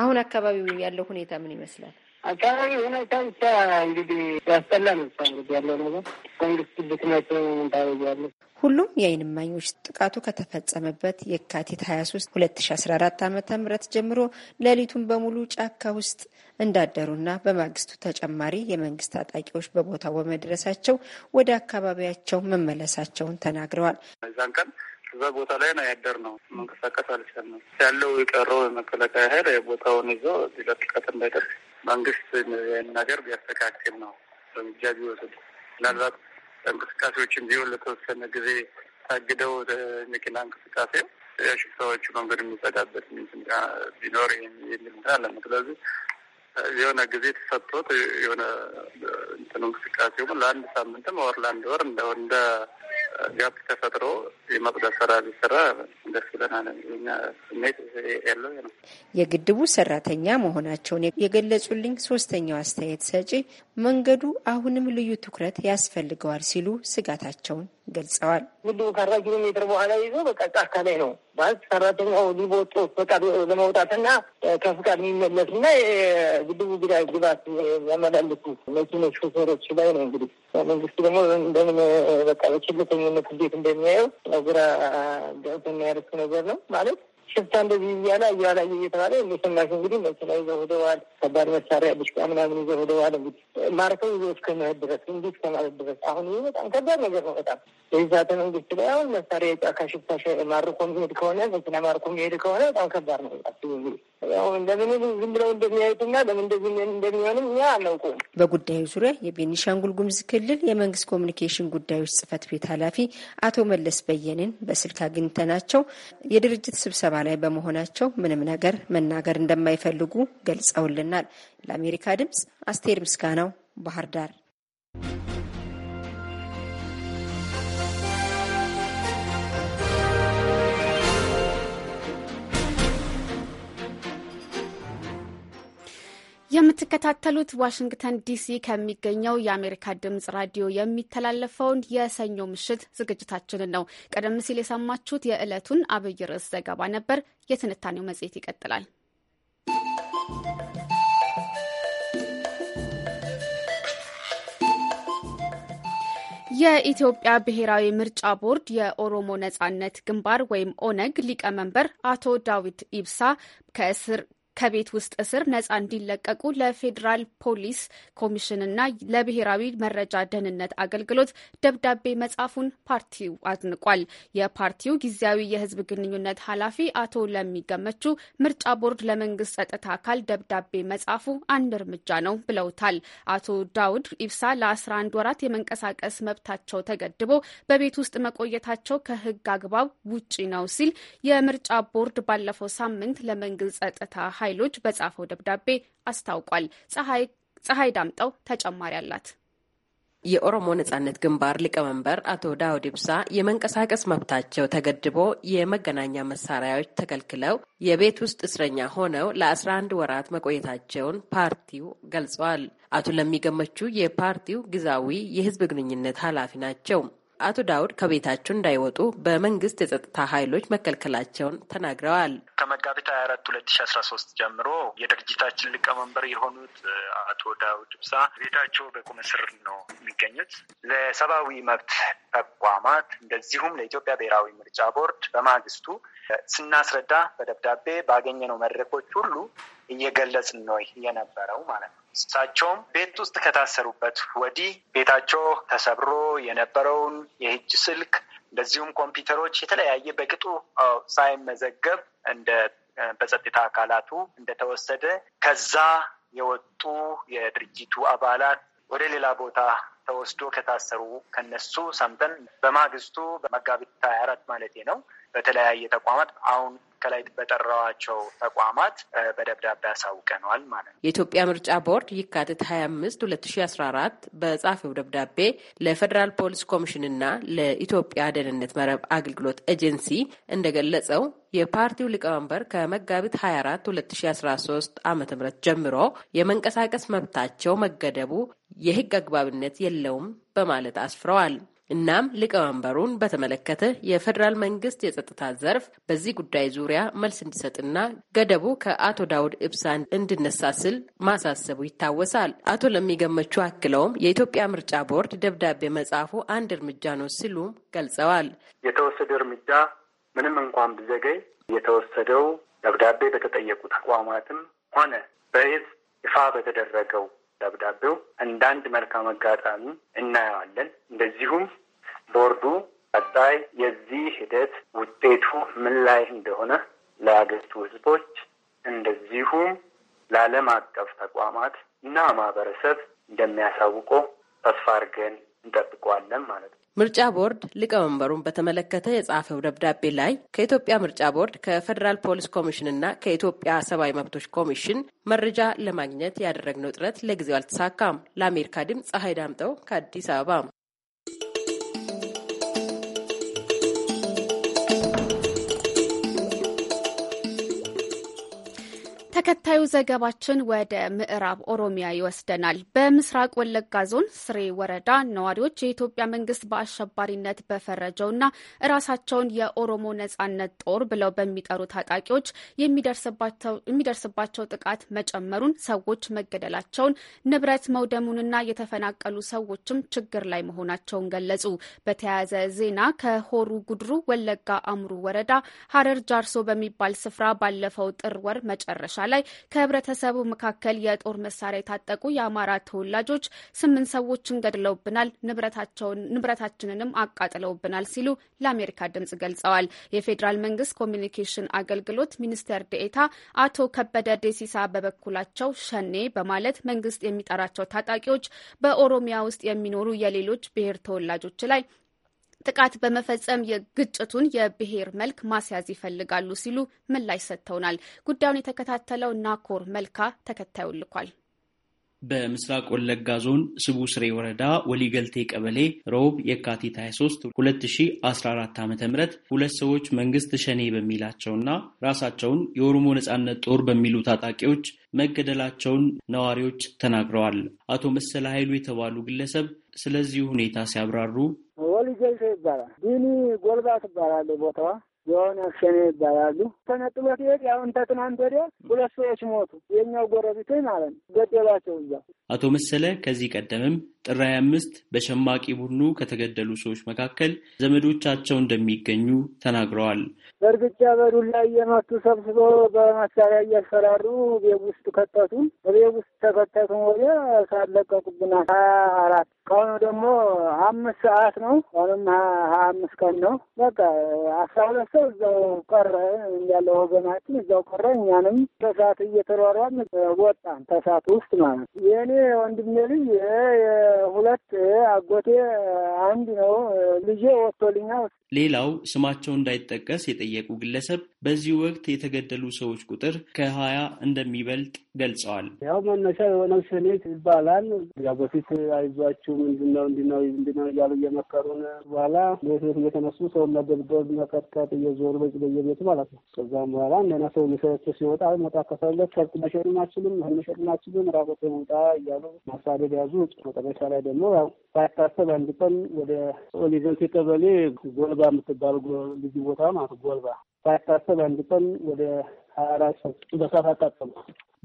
Speaker 8: አሁን አካባቢው ያለው ሁኔታ ምን ይመስላል?
Speaker 9: አካባቢ ሁኔታ ብቻ እንግዲህ ያስጠላ ነው። እንግዲህ ያለው ነገር መንግስት ድክመት እንታወያለን።
Speaker 8: ሁሉም የዓይን እማኞች ጥቃቱ ከተፈጸመበት የካቲት 23 2014 ዓ ም ጀምሮ ሌሊቱን በሙሉ ጫካ ውስጥ እንዳደሩና በማግስቱ ተጨማሪ የመንግስት ታጣቂዎች በቦታው በመድረሳቸው ወደ አካባቢያቸው መመለሳቸውን ተናግረዋል።
Speaker 2: እዛን ቀን እዛ ቦታ ላይ ነው ያደር ነው መንቀሳቀስ አልቻልንም። ያለው የቀረው የመከላከያ ኃይል ቦታውን ይዞ ሌላ ጥቃት እንዳይደርስ መንግስት ይህን ነገር ቢያስተካክል ነው እርምጃ ቢወስድ። ምናልባት እንቅስቃሴዎችን ቢሆን ለተወሰነ ጊዜ ታግደው መኪና እንቅስቃሴ ሽፍታዎቹ መንገድ የሚጸዳበት ቢኖር የሚል አለ። ስለዚህ የሆነ ጊዜ ተሰጥቶት የሆነ እንቅስቃሴ እንቅስቃሴው ለአንድ ሳምንትም ወር ለአንድ ወር እንደ ጋፕ ተፈጥሮ የማጽዳት ስራ ቢሰራ ደስ ብለናል። እኛ ስሜት ያለው ነው።
Speaker 8: የግድቡ ሰራተኛ መሆናቸውን የገለጹልኝ ሶስተኛው አስተያየት ሰጪ መንገዱ አሁንም ልዩ ትኩረት ያስፈልገዋል ሲሉ ስጋታቸውን ገልጸዋል።
Speaker 9: ግድቡ ከአርባ ኪሎ ሜትር በኋላ ይዞ በቃ ጫካ ላይ ነው ማለት ሰራተኛው ሊቦጡ ፈቃድ ለመውጣትና ከፍቃድ የሚመለስ የሚመለስና የግድቡ ግዳ ግባት ያመላልሱ መኪኖች ሾፌሮች ላይ ነው እንግዲህ መንግስት ደግሞ እንደምን በቃ በችልተኝነት እንዴት እንደሚያየው ግራ ገብቶኛል። ያደረግኩ ነገር ነው ማለት ሽፍታ እንደዚህ እያለ እያላ እየተባለ የሰማሽ እንግዲህ መኪና ይዘው ሄደዋል። ከባድ መሳሪያ ብሽቃ ምናምን ይዘው ሄደዋል። እንግዲህ ማርከው ይዘው እስከመሄድ ድረስ እንዴት ከማለት ድረስ አሁን ይህ በጣም ከባድ ነገር ነው። በጣም የዛተ መንግስት ላይ አሁን መሳሪያ የጫካ ሽፍታ ማርኮ ሄድ ከሆነ መኪና ማርኮ ሄድ ከሆነ በጣም ከባድ ነው። እንግዲህ ለምን ዝም ብለው እንደሚያዩትና ለምን እንደዚህ እንደሚሆንም
Speaker 8: እኛ አናውቁም። በጉዳዩ ዙሪያ የቤኒሻንጉል ጉሙዝ ክልል የመንግስት ኮሚኒኬሽን ጉዳዮች ጽህፈት ቤት ኃላፊ አቶ መለስ በየንን በስልክ አግኝተናቸው የድርጅት ስብሰባ ላይ በመሆናቸው ምንም ነገር መናገር እንደማይፈልጉ ገልጸውልናል። ለአሜሪካ ድምጽ አስቴር ምስጋናው ባህር ዳር
Speaker 1: የምትከታተሉት ዋሽንግተን ዲሲ ከሚገኘው የአሜሪካ ድምጽ ራዲዮ የሚተላለፈውን የሰኞ ምሽት ዝግጅታችንን ነው። ቀደም ሲል የሰማችሁት የዕለቱን አብይ ርዕስ ዘገባ ነበር። የትንታኔው መጽሔት ይቀጥላል። የኢትዮጵያ ብሔራዊ ምርጫ ቦርድ የኦሮሞ ነጻነት ግንባር ወይም ኦነግ ሊቀመንበር አቶ ዳዊት ኢብሳ ከእስር ከቤት ውስጥ እስር ነጻ እንዲለቀቁ ለፌዴራል ፖሊስ ኮሚሽንና ለብሔራዊ መረጃ ደህንነት አገልግሎት ደብዳቤ መጻፉን ፓርቲው አድንቋል። የፓርቲው ጊዜያዊ የህዝብ ግንኙነት ኃላፊ አቶ ለሚገመቹ ምርጫ ቦርድ ለመንግስት ጸጥታ አካል ደብዳቤ መጻፉ አንድ እርምጃ ነው ብለውታል። አቶ ዳውድ ኢብሳ ለ11 ወራት የመንቀሳቀስ መብታቸው ተገድቦ በቤት ውስጥ መቆየታቸው ከህግ አግባብ ውጪ ነው ሲል የምርጫ ቦርድ ባለፈው ሳምንት ለመንግስት ጸጥታ ኃይሎች በጻፈው ደብዳቤ አስታውቋል። ፀሐይ ዳምጠው ተጨማሪ አላት።
Speaker 10: የኦሮሞ ነጻነት ግንባር ሊቀመንበር አቶ ዳውድ ኢብሳ የመንቀሳቀስ መብታቸው ተገድቦ የመገናኛ መሳሪያዎች ተከልክለው የቤት ውስጥ እስረኛ ሆነው ለ11 ወራት መቆየታቸውን ፓርቲው ገልጸዋል። አቶ ለሚገመቹ የፓርቲው ግዛዊ የህዝብ ግንኙነት ኃላፊ ናቸው። አቶ ዳውድ ከቤታቸው እንዳይወጡ በመንግስት የጸጥታ ኃይሎች መከልከላቸውን ተናግረዋል።
Speaker 11: ከመጋቢት ሀያ አራት ሁለት ሺ አስራ ሶስት ጀምሮ የድርጅታችን ሊቀመንበር የሆኑት አቶ ዳውድ ብሳ ቤታቸው በቁም እስር ነው የሚገኙት። ለሰብአዊ መብት ተቋማት እንደዚሁም ለኢትዮጵያ ብሔራዊ ምርጫ ቦርድ በማግስቱ ስናስረዳ በደብዳቤ ባገኘነው መድረኮች ሁሉ እየገለጽን ነው የነበረው ማለት ነው። እሳቸውም ቤት ውስጥ ከታሰሩበት ወዲህ ቤታቸው ተሰብሮ የነበረውን የእጅ ስልክ እንደዚሁም ኮምፒውተሮች የተለያየ በቅጡ ሳይመዘገብ እንደ በጸጥታ አካላቱ እንደተወሰደ ከዛ የወጡ የድርጅቱ አባላት ወደ ሌላ ቦታ ተወስዶ ከታሰሩ ከነሱ ሰምተን በማግስቱ በመጋቢት ሀያ አራት ማለት ነው በተለያየ ተቋማት አሁን ከላይ በጠራዋቸው ተቋማት በደብዳቤ አሳውቀነዋል ማለት
Speaker 10: ነው። የኢትዮጵያ ምርጫ ቦርድ ይካትት ሀያ አምስት ሁለት ሺ አስራ አራት በጻፈው ደብዳቤ ለፌዴራል ፖሊስ ኮሚሽንና ለኢትዮጵያ ደህንነት መረብ አገልግሎት ኤጀንሲ እንደገለጸው የፓርቲው ሊቀመንበር ከመጋቢት 24 2013 ዓ ም ጀምሮ የመንቀሳቀስ መብታቸው መገደቡ የህግ አግባብነት የለውም በማለት አስፍረዋል። እናም ሊቀመንበሩን በተመለከተ የፌዴራል መንግስት የጸጥታ ዘርፍ በዚህ ጉዳይ ዙሪያ መልስ እንዲሰጥና ገደቡ ከአቶ ዳውድ ኢብሳ እንዲነሳ ስል ማሳሰቡ ይታወሳል። አቶ ለሚገመቹ አክለውም የኢትዮጵያ ምርጫ ቦርድ ደብዳቤ መጻፉ አንድ እርምጃ ነው ሲሉም ገልጸዋል።
Speaker 11: የተወሰደ እርምጃ ምንም እንኳን ብዘገይ የተወሰደው ደብዳቤ በተጠየቁት ተቋማትም ሆነ በህዝብ ይፋ በተደረገው ደብዳቤው እንዳንድ መልካም አጋጣሚ እናየዋለን። እንደዚሁም ቦርዱ ቀጣይ የዚህ ሂደት ውጤቱ ምን ላይ እንደሆነ ለአገሪቱ ሕዝቦች እንደዚሁም ለዓለም አቀፍ ተቋማት እና ማህበረሰብ እንደሚያሳውቆ ተስፋ አድርገን እንጠብቀዋለን ማለት ነው።
Speaker 10: ምርጫ ቦርድ ሊቀመንበሩን በተመለከተ የጻፈው ደብዳቤ ላይ ከኢትዮጵያ ምርጫ ቦርድ ከፌዴራል ፖሊስ ኮሚሽንና ከኢትዮጵያ ሰብአዊ መብቶች ኮሚሽን መረጃ ለማግኘት ያደረግነው ጥረት ለጊዜው አልተሳካም። ለአሜሪካ ድምፅ ፀሐይ ዳምጠው ከአዲስ አበባ
Speaker 1: ተከታዩ ዘገባችን ወደ ምዕራብ ኦሮሚያ ይወስደናል። በምስራቅ ወለጋ ዞን ስሬ ወረዳ ነዋሪዎች የኢትዮጵያ መንግስት በአሸባሪነት በፈረጀውና ራሳቸውን የኦሮሞ ነጻነት ጦር ብለው በሚጠሩ ታጣቂዎች የሚደርስባቸው ጥቃት መጨመሩን፣ ሰዎች መገደላቸውን፣ ንብረት መውደሙንና የተፈናቀሉ ሰዎችም ችግር ላይ መሆናቸውን ገለጹ። በተያያዘ ዜና ከሆሩ ጉድሩ ወለጋ አምሩ ወረዳ ሀረር ጃርሶ በሚባል ስፍራ ባለፈው ጥር ወር መጨረሻ ላይ ላይ ከህብረተሰቡ መካከል የጦር መሳሪያ የታጠቁ የአማራ ተወላጆች ስምንት ሰዎችን ገድለውብናል፣ ንብረታችንንም አቃጥለውብናል ሲሉ ለአሜሪካ ድምጽ ገልጸዋል። የፌዴራል መንግስት ኮሚኒኬሽን አገልግሎት ሚኒስቴር ዴኤታ አቶ ከበደ ደሲሳ በበኩላቸው ሸኔ በማለት መንግስት የሚጠራቸው ታጣቂዎች በኦሮሚያ ውስጥ የሚኖሩ የሌሎች ብሔር ተወላጆች ላይ ጥቃት በመፈጸም የግጭቱን የብሔር መልክ ማስያዝ ይፈልጋሉ ሲሉ ምላሽ ሰጥተውናል። ጉዳዩን የተከታተለው ናኮር መልካ ተከታዩ ልኳል።
Speaker 5: በምስራቅ ወለጋ ዞን ስቡ ስሬ ወረዳ ወሊገልቴ ቀበሌ ሮብ የካቲት 23 2014 ዓ ም ሁለት ሰዎች መንግስት ሸኔ በሚላቸውና ራሳቸውን የኦሮሞ ነጻነት ጦር በሚሉ ታጣቂዎች መገደላቸውን ነዋሪዎች ተናግረዋል። አቶ መሰለ ኃይሉ የተባሉ ግለሰብ ስለዚህ ሁኔታ ሲያብራሩ
Speaker 11: ወሊገልቴ ይባላል። ዲኒ ጎልባ ትባላል ቦታዋ የሆነ ሸኔ ይባላሉ። ተነጥሎ ሲሄድ ያው እንተ ትናንት ወዲያ ሁለት ሰዎች ሞቱ። የኛው ጎረቤቶች ማለት ነው ገደሏቸው
Speaker 5: አቶ መሰለ ከዚህ ቀደምም ጥር አምስት በሸማቂ ቡድኑ ከተገደሉ ሰዎች መካከል ዘመዶቻቸው እንደሚገኙ ተናግረዋል።
Speaker 11: በእርግጫ በዱላ እየመቱ ሰብስበው በመሳሪያ እያስፈራሩ ቤት ውስጥ ከተቱን። ቤት ውስጥ ተከተቱን ወዲያ ሳለቀቁብና ሀያ አራት ቀኑ ደግሞ አምስት ሰዓት ነው። አሁንም ሀያ አምስት ቀን ነው። በቃ አስራ ሁለት ሰው እዛው ቀረ ያለ ወገናችን እዛው ቀረ። እኛንም ተሳት እየተሯሯን ወጣን ተሳት ውስጥ ማለት የእኔ ወንድሜ ልጅ ሁለት አጎቴ አንድ ነው
Speaker 9: ልጄ ወጥቶልኛል።
Speaker 5: ሌላው ስማቸው እንዳይጠቀስ የጠየቁ ግለሰብ በዚህ ወቅት የተገደሉ ሰዎች ቁጥር ከሀያ እንደሚበልጥ ገልጸዋል።
Speaker 9: ያው መነሻ የሆነው ሸኔት ይባላል። ያው በፊት አይዟችሁ ወንድና ወንድና ወንድና እያሉ እየመከሩን በኋላ ቤት እየተነሱ ሰውን መደብደብ መከትከት እየዞሩ በዚህ በየቤቱ ማለት ነው። ከዛም በኋላ እንደና ሰው ሊሰች ሲወጣ መጣ ከሰለት ከብት መሸጥም አችልም ህል መሸጥም አችልም ራቆት መውጣ እያሉ ማሳደድ ያዙ። መጨረሻ ላይ ደግሞ ያው ሳይታሰብ አንድ ቀን ወደ ኦሊዘንት ቀበሌ ጎልባ የምትባል ልዩ ቦታ ማለት ጎልባ ሳይታሰብ አንድ ቀን ወደ ሀያ አራት ሰው በሳት አቃጠሉ።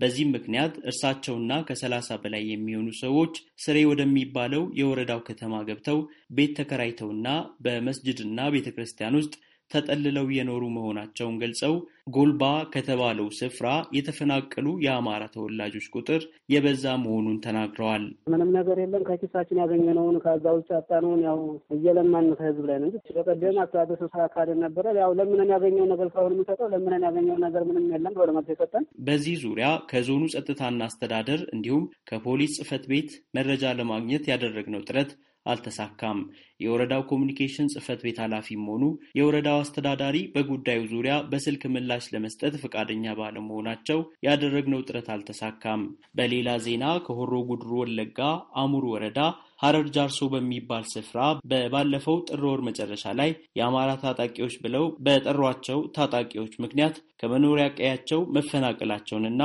Speaker 5: በዚህም ምክንያት እርሳቸውና ከሰላሳ በላይ የሚሆኑ ሰዎች ስሬ ወደሚባለው የወረዳው ከተማ ገብተው ቤት ተከራይተውና በመስጅድና ቤተ ክርስቲያን ውስጥ ተጠልለው የኖሩ መሆናቸውን ገልጸው ጎልባ ከተባለው ስፍራ የተፈናቀሉ የአማራ ተወላጆች ቁጥር የበዛ መሆኑን ተናግረዋል።
Speaker 9: ምንም ነገር የለም። ከኪሳችን ያገኘነውን ከዛ ውጭ ያጣነውን ያው እየለማን ከህዝብ ላይ ነው በቀደም አስተዳደር ስብሰባ አካሄድ ነበረ። ያው ለምነን ያገኘው ነገር ሳይሆን የሚሰጠው ለምነን ያገኘው ነገር ምንም የለም ብሎ ለመርቶ የሰጠን።
Speaker 5: በዚህ ዙሪያ ከዞኑ ጸጥታና አስተዳደር እንዲሁም ከፖሊስ ጽህፈት ቤት መረጃ ለማግኘት ያደረግነው ጥረት አልተሳካም። የወረዳው ኮሚኒኬሽን ጽህፈት ቤት ኃላፊም ሆኑ የወረዳው አስተዳዳሪ በጉዳዩ ዙሪያ በስልክ ምላሽ ለመስጠት ፈቃደኛ ባለመሆናቸው ያደረግነው ጥረት አልተሳካም። በሌላ ዜና ከሆሮ ጉድሩ ወለጋ አሙር ወረዳ ሀረር ጃርሶ በሚባል ስፍራ በባለፈው ጥር ወር መጨረሻ ላይ የአማራ ታጣቂዎች ብለው በጠሯቸው ታጣቂዎች ምክንያት ከመኖሪያ ቀያቸው መፈናቀላቸውንና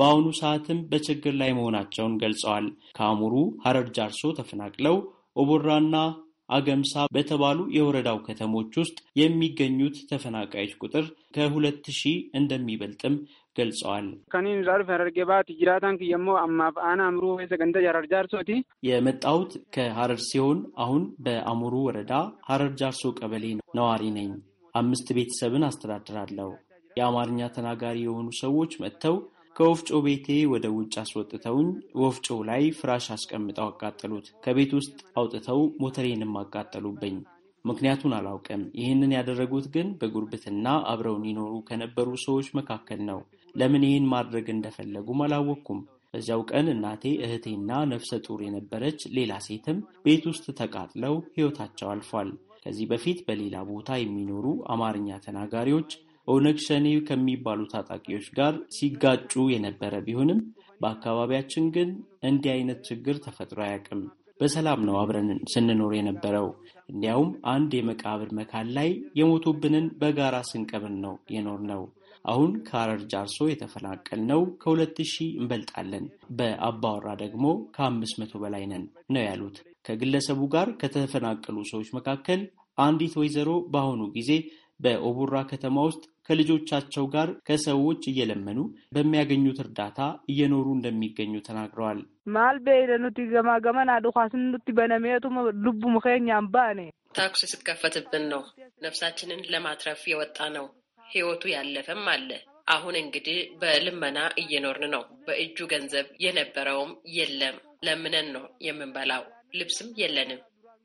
Speaker 5: በአሁኑ ሰዓትም በችግር ላይ መሆናቸውን ገልጸዋል። ከአሙሩ ሀረር ጃርሶ ተፈናቅለው ኦቦራና አገምሳ በተባሉ የወረዳው ከተሞች ውስጥ የሚገኙት ተፈናቃዮች ቁጥር ከሁለት ሺህ እንደሚበልጥም ገልጸዋል።
Speaker 11: ከኒን ክየሞ አምሩ ሰገንተ ጃርሶቲ
Speaker 5: የመጣሁት ከሀረር ሲሆን አሁን በአሙሩ ወረዳ ሀረር ጃርሶ ቀበሌ ነዋሪ ነኝ። አምስት ቤተሰብን አስተዳድራለሁ። የአማርኛ ተናጋሪ የሆኑ ሰዎች መጥተው ከወፍጮ ቤቴ ወደ ውጭ አስወጥተውኝ ወፍጮው ላይ ፍራሽ አስቀምጠው አቃጠሉት። ከቤት ውስጥ አውጥተው ሞተሬንም አቃጠሉብኝ። ምክንያቱን አላውቅም። ይህንን ያደረጉት ግን በጉርብትና አብረውን ይኖሩ ከነበሩ ሰዎች መካከል ነው። ለምን ይህን ማድረግ እንደፈለጉም አላወቅኩም። በዚያው ቀን እናቴ፣ እህቴና ነፍሰ ጡር የነበረች ሌላ ሴትም ቤት ውስጥ ተቃጥለው ሕይወታቸው አልፏል። ከዚህ በፊት በሌላ ቦታ የሚኖሩ አማርኛ ተናጋሪዎች ኦነግ ሸኔ ከሚባሉ ታጣቂዎች ጋር ሲጋጩ የነበረ ቢሆንም በአካባቢያችን ግን እንዲህ አይነት ችግር ተፈጥሮ አያውቅም። በሰላም ነው አብረን ስንኖር የነበረው። እንዲያውም አንድ የመቃብር መካን ላይ የሞቱብንን በጋራ ስንቀብር ነው የኖር ነው። አሁን ከአረር ጃርሶ ነው ከሁለት ሺህ እንበልጣለን። በአባወራ ደግሞ ከአምስት መቶ በላይ ነን ነው ያሉት። ከግለሰቡ ጋር ከተፈናቀሉ ሰዎች መካከል አንዲት ወይዘሮ በአሁኑ ጊዜ በኦቡራ ከተማ ውስጥ ከልጆቻቸው ጋር ከሰዎች እየለመኑ በሚያገኙት እርዳታ እየኖሩ እንደሚገኙ ተናግረዋል።
Speaker 9: ማል
Speaker 12: በይለ ገማገመን አድኳስን በነሜቱ ልቡ ምኸኛም ባኔ
Speaker 5: ታክሱ
Speaker 10: ስትከፈትብን ነው ነፍሳችንን ለማትረፍ የወጣ ነው። ህይወቱ ያለፈም አለ። አሁን እንግዲህ በልመና እየኖርን ነው። በእጁ ገንዘብ የነበረውም የለም። ለምነን ነው የምንበላው። ልብስም የለንም።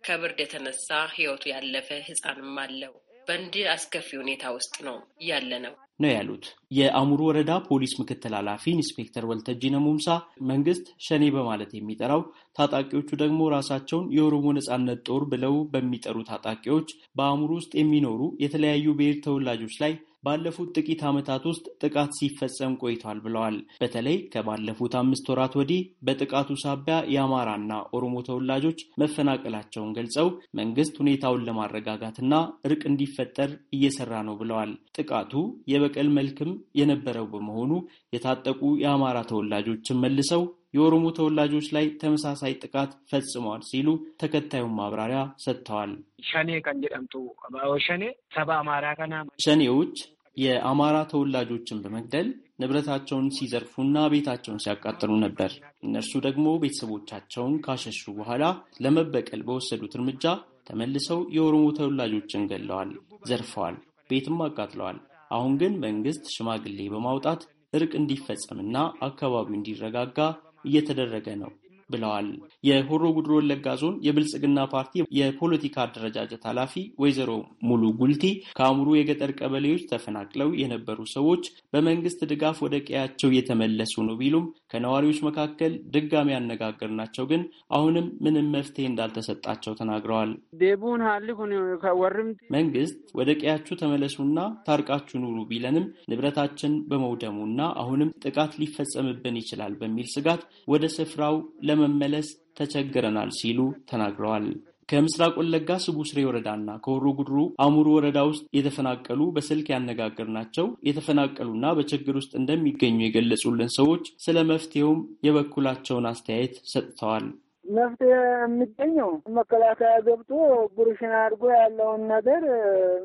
Speaker 10: ከብርድ የተነሳ ህይወቱ ያለፈ ህፃንም አለው። በእንዲህ አስከፊ ሁኔታ ውስጥ ነው ያለ ነው
Speaker 5: ነው ያሉት። የአሙሩ ወረዳ ፖሊስ ምክትል ኃላፊ ኢንስፔክተር ወልተጂነ ሙምሳ መንግስት ሸኔ በማለት የሚጠራው ታጣቂዎቹ ደግሞ ራሳቸውን የኦሮሞ ነጻነት ጦር ብለው በሚጠሩ ታጣቂዎች በአሙሩ ውስጥ የሚኖሩ የተለያዩ ብሔር ተወላጆች ላይ ባለፉት ጥቂት ዓመታት ውስጥ ጥቃት ሲፈጸም ቆይቷል ብለዋል። በተለይ ከባለፉት አምስት ወራት ወዲህ በጥቃቱ ሳቢያ የአማራና ኦሮሞ ተወላጆች መፈናቀላቸውን ገልጸው መንግስት ሁኔታውን ለማረጋጋትና እርቅ እንዲፈጠር እየሰራ ነው ብለዋል። ጥቃቱ የበቀል መልክም የነበረው በመሆኑ የታጠቁ የአማራ ተወላጆችን መልሰው የኦሮሞ ተወላጆች ላይ ተመሳሳይ ጥቃት ፈጽመዋል ሲሉ ተከታዩን ማብራሪያ ሰጥተዋል። ሸኔ
Speaker 11: ቀን ሸኔ ሰባ አማራ ከና
Speaker 5: ሸኔዎች የአማራ ተወላጆችን በመግደል ንብረታቸውን ሲዘርፉና ቤታቸውን ሲያቃጥሉ ነበር። እነርሱ ደግሞ ቤተሰቦቻቸውን ካሸሹ በኋላ ለመበቀል በወሰዱት እርምጃ ተመልሰው የኦሮሞ ተወላጆችን ገለዋል፣ ዘርፈዋል፣ ቤትም አቃጥለዋል። አሁን ግን መንግስት ሽማግሌ በማውጣት እርቅ እንዲፈጸምና አካባቢው እንዲረጋጋ እየተደረገ ነው ብለዋል። የሆሮ ጉድሮ ወለጋ ዞን የብልጽግና ፓርቲ የፖለቲካ አደረጃጀት ኃላፊ ወይዘሮ ሙሉ ጉልቲ ከአእምሩ የገጠር ቀበሌዎች ተፈናቅለው የነበሩ ሰዎች በመንግስት ድጋፍ ወደ ቀያቸው እየተመለሱ ነው ቢሉም ከነዋሪዎች መካከል ድጋሚ ያነጋገርናቸው ግን አሁንም ምንም መፍትሄ እንዳልተሰጣቸው ተናግረዋል። መንግስት ወደ ቀያችሁ ተመለሱና ታርቃችሁ ኑሩ ቢለንም ንብረታችን በመውደሙና አሁንም ጥቃት ሊፈጸምብን ይችላል በሚል ስጋት ወደ ስፍራው ለመ ለመመለስ ተቸግረናል ሲሉ ተናግረዋል። ከምስራቅ ወለጋ ስቡስሬ ወረዳና ከሆሮ ጉድሩ አሙሩ ወረዳ ውስጥ የተፈናቀሉ በስልክ ያነጋገርናቸው የተፈናቀሉና በችግር ውስጥ እንደሚገኙ የገለጹልን ሰዎች ስለ መፍትሄውም የበኩላቸውን አስተያየት ሰጥተዋል።
Speaker 11: መፍትሄ የሚገኘው መከላከያ ገብቶ ቡርሽን አድርጎ ያለውን ነገር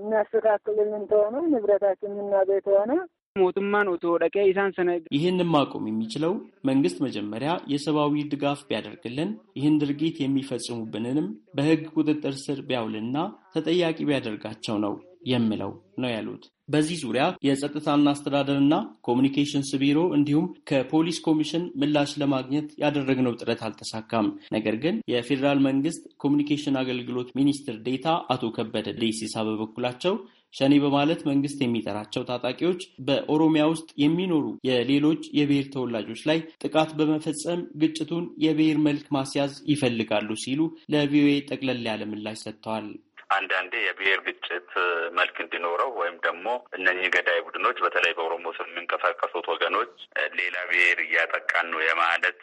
Speaker 11: የሚያስተካክልልን ተሆነ ንብረታችን የምናገኝ ተሆነ
Speaker 5: ሞቱማን ኦቶ ደቀ ኢሳን ሰነ ይህን ማቆም የሚችለው መንግስት መጀመሪያ የሰብአዊ ድጋፍ ቢያደርግልን ይህን ድርጊት የሚፈጽሙብንንም በህግ ቁጥጥር ስር ቢያውልና ተጠያቂ ቢያደርጋቸው ነው የምለው ነው ያሉት። በዚህ ዙሪያ የጸጥታና አስተዳደርና ኮሚኒኬሽንስ ቢሮ እንዲሁም ከፖሊስ ኮሚሽን ምላሽ ለማግኘት ያደረግነው ጥረት አልተሳካም። ነገር ግን የፌዴራል መንግስት ኮሚኒኬሽን አገልግሎት ሚኒስትር ዴታ አቶ ከበደ ዴሲሳ በበኩላቸው ሸኔ በማለት መንግስት የሚጠራቸው ታጣቂዎች በኦሮሚያ ውስጥ የሚኖሩ የሌሎች የብሔር ተወላጆች ላይ ጥቃት በመፈጸም ግጭቱን የብሔር መልክ ማስያዝ ይፈልጋሉ ሲሉ ለቪኦኤ ጠቅለል ያለ ምላሽ ሰጥተዋል።
Speaker 3: አንዳንዴ የብሔር ግጭት መልክ እንዲኖረው ወይም ደግሞ እነኚህ ገዳይ ቡድኖች በተለይ በኦሮሞ ስር የሚንቀሳቀሱት ወገኖች ሌላ ብሔር እያጠቃን ነው የማለት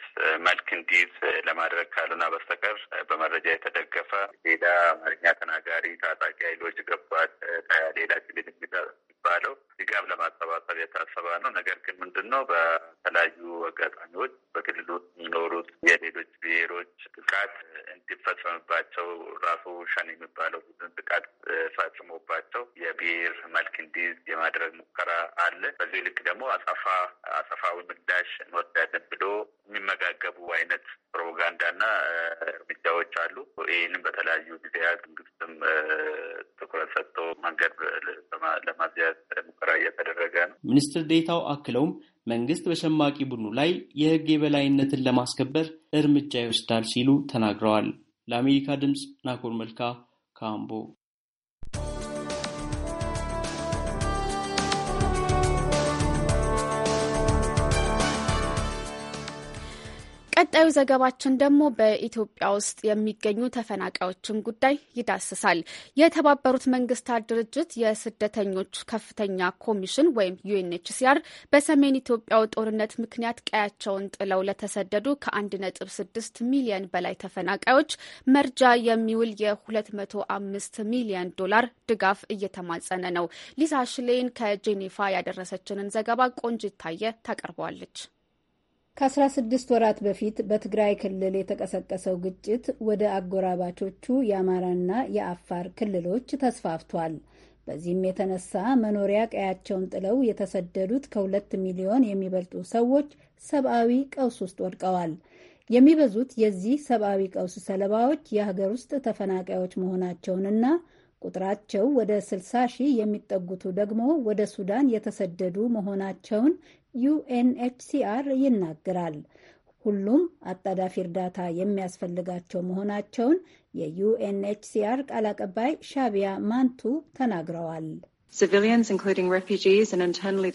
Speaker 3: መልክ እንዲይዝ ለማድረግ ካልሆነ በስተቀር በመረጃ የተደገፈ ሌላ አማርኛ ተናጋሪ
Speaker 2: ታጣቂ ኃይሎች ገባል ሌላ ክልል የሚባለው ድጋፍ ለማሰባሰብ የታሰባ
Speaker 3: ነው። ነገር ግን ምንድን ነው በተለያዩ አጋጣሚዎች በክልሉ የሚኖሩት የሌሎች ብሔሮች ጥቃት እንዲፈጸምባቸው ራሱ ሸን የሚባለው ጥቃት
Speaker 11: ፈጽሞባቸው የብሔር መልክ እንዲይዝ የማድረግ ሙከራ አለ። በዚህ ልክ ደግሞ አጸፋ አጸፋዊ ምላሽ እንወስዳለን ብሎ የሚመጋገቡ አይነት ፕሮፓጋንዳና እርምጃዎች አሉ። ይህንም በተለያዩ ጊዜያት መንግስትም
Speaker 5: ትኩረት ሰጥቶ መንገድ ለማዝያዝ ሙከራ እየተደረገ ነው። ሚኒስትር ዴታው አክለውም መንግስት በሸማቂ ቡድኑ ላይ የህግ የበላይነትን ለማስከበር እርምጃ ይወስዳል ሲሉ ተናግረዋል። ለአሜሪካ ድምፅ ናኮር መልካ 干部。
Speaker 1: ቀጣዩ ዘገባችን ደግሞ በኢትዮጵያ ውስጥ የሚገኙ ተፈናቃዮችን ጉዳይ ይዳስሳል። የተባበሩት መንግስታት ድርጅት የስደተኞች ከፍተኛ ኮሚሽን ወይም ዩኤንኤችሲአር በሰሜን ኢትዮጵያው ጦርነት ምክንያት ቀያቸውን ጥለው ለተሰደዱ ከ1.6 ሚሊዮን በላይ ተፈናቃዮች መርጃ የሚውል የ205 ሚሊዮን ዶላር ድጋፍ እየተማጸነ ነው። ሊዛ ሽሌን ከጄኔቫ ያደረሰችንን ዘገባ ቆንጅ ታየ ታቀርበዋለች።
Speaker 12: ከ16 ወራት በፊት በትግራይ ክልል የተቀሰቀሰው ግጭት ወደ አጎራባቾቹ የአማራና የአፋር ክልሎች ተስፋፍቷል። በዚህም የተነሳ መኖሪያ ቀያቸውን ጥለው የተሰደዱት ከሁለት ሚሊዮን የሚበልጡ ሰዎች ሰብአዊ ቀውስ ውስጥ ወድቀዋል። የሚበዙት የዚህ ሰብአዊ ቀውስ ሰለባዎች የሀገር ውስጥ ተፈናቃዮች መሆናቸውንና ቁጥራቸው ወደ 60 ሺህ የሚጠጉቱ ደግሞ ወደ ሱዳን የተሰደዱ መሆናቸውን ዩኤንኤችሲአር ይናገራል። ሁሉም አጣዳፊ እርዳታ የሚያስፈልጋቸው መሆናቸውን የዩኤንኤችሲአር ቃል አቀባይ ሻቢያ ማንቱ ተናግረዋል።
Speaker 13: ሲቪሊያንስ ኢንክሉዲንግ ሬፊጂስ ኤንድ ኢንተርናሊ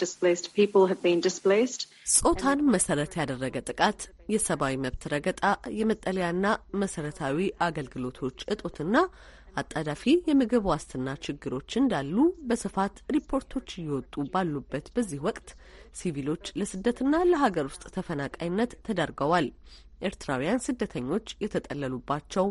Speaker 13: ቢን ዲስፕሌይስድ ጾታን መሰረት ያደረገ ጥቃት፣ የሰብአዊ መብት ረገጣ፣ የመጠለያና መሰረታዊ አገልግሎቶች እጦትና አጣዳፊ የምግብ ዋስትና ችግሮች እንዳሉ በስፋት ሪፖርቶች እየወጡ ባሉበት በዚህ ወቅት ሲቪሎች ለስደትና ለሀገር ውስጥ ተፈናቃይነት ተዳርገዋል። ኤርትራውያን ስደተኞች የተጠለሉባቸው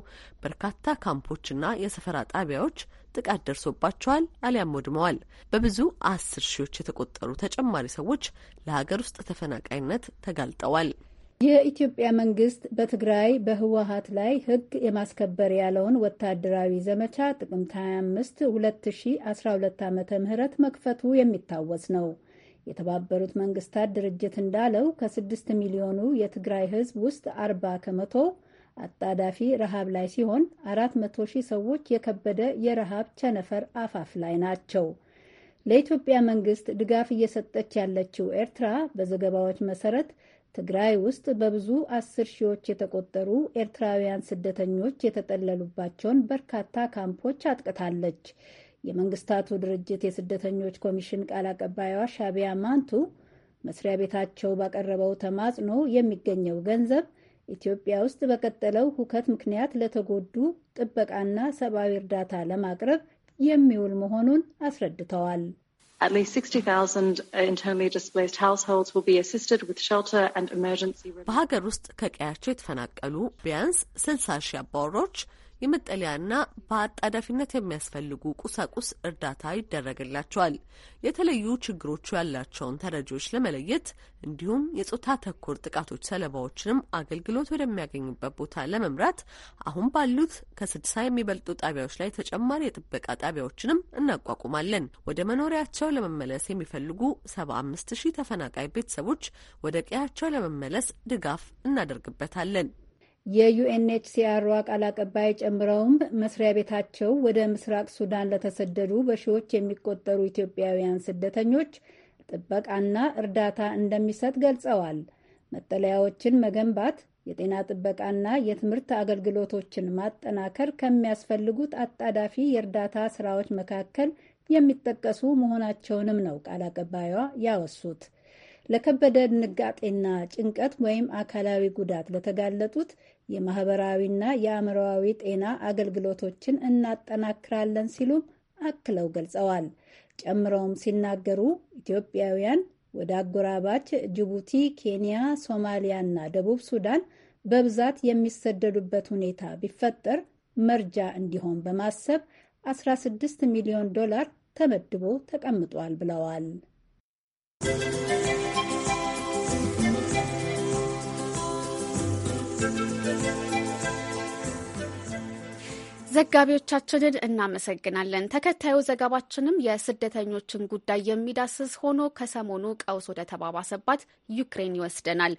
Speaker 13: በርካታ ካምፖችና የሰፈራ ጣቢያዎች ጥቃት ደርሶባቸዋል አሊያም ወድመዋል። በብዙ አስር ሺዎች የተቆጠሩ ተጨማሪ ሰዎች ለሀገር ውስጥ ተፈናቃይነት ተጋልጠዋል። የኢትዮጵያ መንግስት በትግራይ
Speaker 12: በህወሀት ላይ ህግ የማስከበር ያለውን ወታደራዊ ዘመቻ ጥቅምት 25 2012 ዓ ም መክፈቱ የሚታወስ ነው። የተባበሩት መንግስታት ድርጅት እንዳለው ከ6 ሚሊዮኑ የትግራይ ህዝብ ውስጥ 40 ከመቶ አጣዳፊ ረሃብ ላይ ሲሆን 400 ሺህ ሰዎች የከበደ የረሃብ ቸነፈር አፋፍ ላይ ናቸው። ለኢትዮጵያ መንግስት ድጋፍ እየሰጠች ያለችው ኤርትራ በዘገባዎች መሰረት ትግራይ ውስጥ በብዙ አስር ሺዎች የተቆጠሩ ኤርትራውያን ስደተኞች የተጠለሉባቸውን በርካታ ካምፖች አጥቅታለች። የመንግስታቱ ድርጅት የስደተኞች ኮሚሽን ቃል አቀባይዋ ሻቢያ ማንቱ መስሪያ ቤታቸው ባቀረበው ተማጽኖ የሚገኘው ገንዘብ ኢትዮጵያ ውስጥ በቀጠለው ሁከት ምክንያት ለተጎዱ ጥበቃና ሰብአዊ እርዳታ ለማቅረብ የሚውል መሆኑን
Speaker 13: አስረድተዋል። At least 60,000 uh, internally displaced households will be assisted with shelter and emergency. በሀገር ውስጥ ከቀያቸው የተፈናቀሉ ቢያንስ 60 ሺህ አባወራዎች የመጠለያና በአጣዳፊነት የሚያስፈልጉ ቁሳቁስ እርዳታ ይደረግላቸዋል። የተለዩ ችግሮቹ ያላቸውን ተረጂዎች ለመለየት እንዲሁም የጾታ ተኮር ጥቃቶች ሰለባዎችንም አገልግሎት ወደሚያገኙበት ቦታ ለመምራት አሁን ባሉት ከስድሳ የሚበልጡ ጣቢያዎች ላይ ተጨማሪ የጥበቃ ጣቢያዎችንም እናቋቁማለን። ወደ መኖሪያቸው ለመመለስ የሚፈልጉ ሰባ አምስት ሺህ ተፈናቃይ ቤተሰቦች ወደ ቀያቸው ለመመለስ ድጋፍ እናደርግበታለን።
Speaker 12: የዩኤንኤችሲአር ቃል አቀባይ ጨምረውም መስሪያ ቤታቸው ወደ ምስራቅ ሱዳን ለተሰደዱ በሺዎች የሚቆጠሩ ኢትዮጵያውያን ስደተኞች ጥበቃና እርዳታ እንደሚሰጥ ገልጸዋል። መጠለያዎችን መገንባት፣ የጤና ጥበቃና የትምህርት አገልግሎቶችን ማጠናከር ከሚያስፈልጉት አጣዳፊ የእርዳታ ስራዎች መካከል የሚጠቀሱ መሆናቸውንም ነው ቃል አቀባዩዋ ያወሱት። ለከበደ ድንጋጤና ጭንቀት ወይም አካላዊ ጉዳት ለተጋለጡት የማህበራዊና የአእምሮዊ ጤና አገልግሎቶችን እናጠናክራለን ሲሉም አክለው ገልጸዋል። ጨምረውም ሲናገሩ ኢትዮጵያውያን ወደ አጎራባች ጅቡቲ፣ ኬንያ፣ ሶማሊያና ደቡብ ሱዳን በብዛት የሚሰደዱበት ሁኔታ ቢፈጠር መርጃ እንዲሆን በማሰብ 16 ሚሊዮን ዶላር ተመድቦ ተቀምጧል ብለዋል።
Speaker 1: ዘጋቢዎቻችንን እናመሰግናለን። ተከታዩ ዘገባችንም የስደተኞችን ጉዳይ የሚዳስስ ሆኖ ከሰሞኑ ቀውስ ወደ ተባባሰባት ዩክሬን ይወስደናል።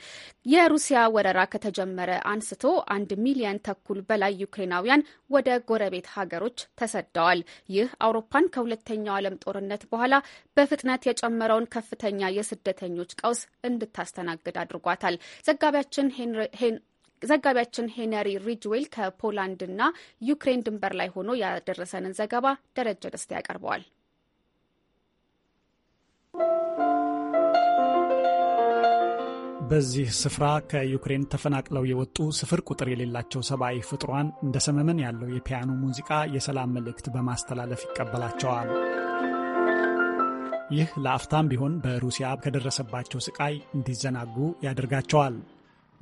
Speaker 1: የሩሲያ ወረራ ከተጀመረ አንስቶ አንድ ሚሊዮን ተኩል በላይ ዩክሬናውያን ወደ ጎረቤት ሀገሮች ተሰደዋል። ይህ አውሮፓን ከሁለተኛው ዓለም ጦርነት በኋላ በፍጥነት የጨመረውን ከፍተኛ የስደተኞች ቀውስ እንድታስተናግድ አድርጓታል። ዘጋቢያችን ዘጋቢያችን ሄነሪ ሪጅዌል ከፖላንድና ዩክሬን ድንበር ላይ ሆኖ ያደረሰንን ዘገባ ደረጀ ደስታ ያቀርበዋል።
Speaker 7: በዚህ ስፍራ ከዩክሬን ተፈናቅለው የወጡ ስፍር ቁጥር የሌላቸው ሰብአዊ ፍጥሯን እንደ ሰመመን ያለው የፒያኖ ሙዚቃ የሰላም መልእክት በማስተላለፍ ይቀበላቸዋል። ይህ ለአፍታም ቢሆን በሩሲያ ከደረሰባቸው ስቃይ እንዲዘናጉ ያደርጋቸዋል።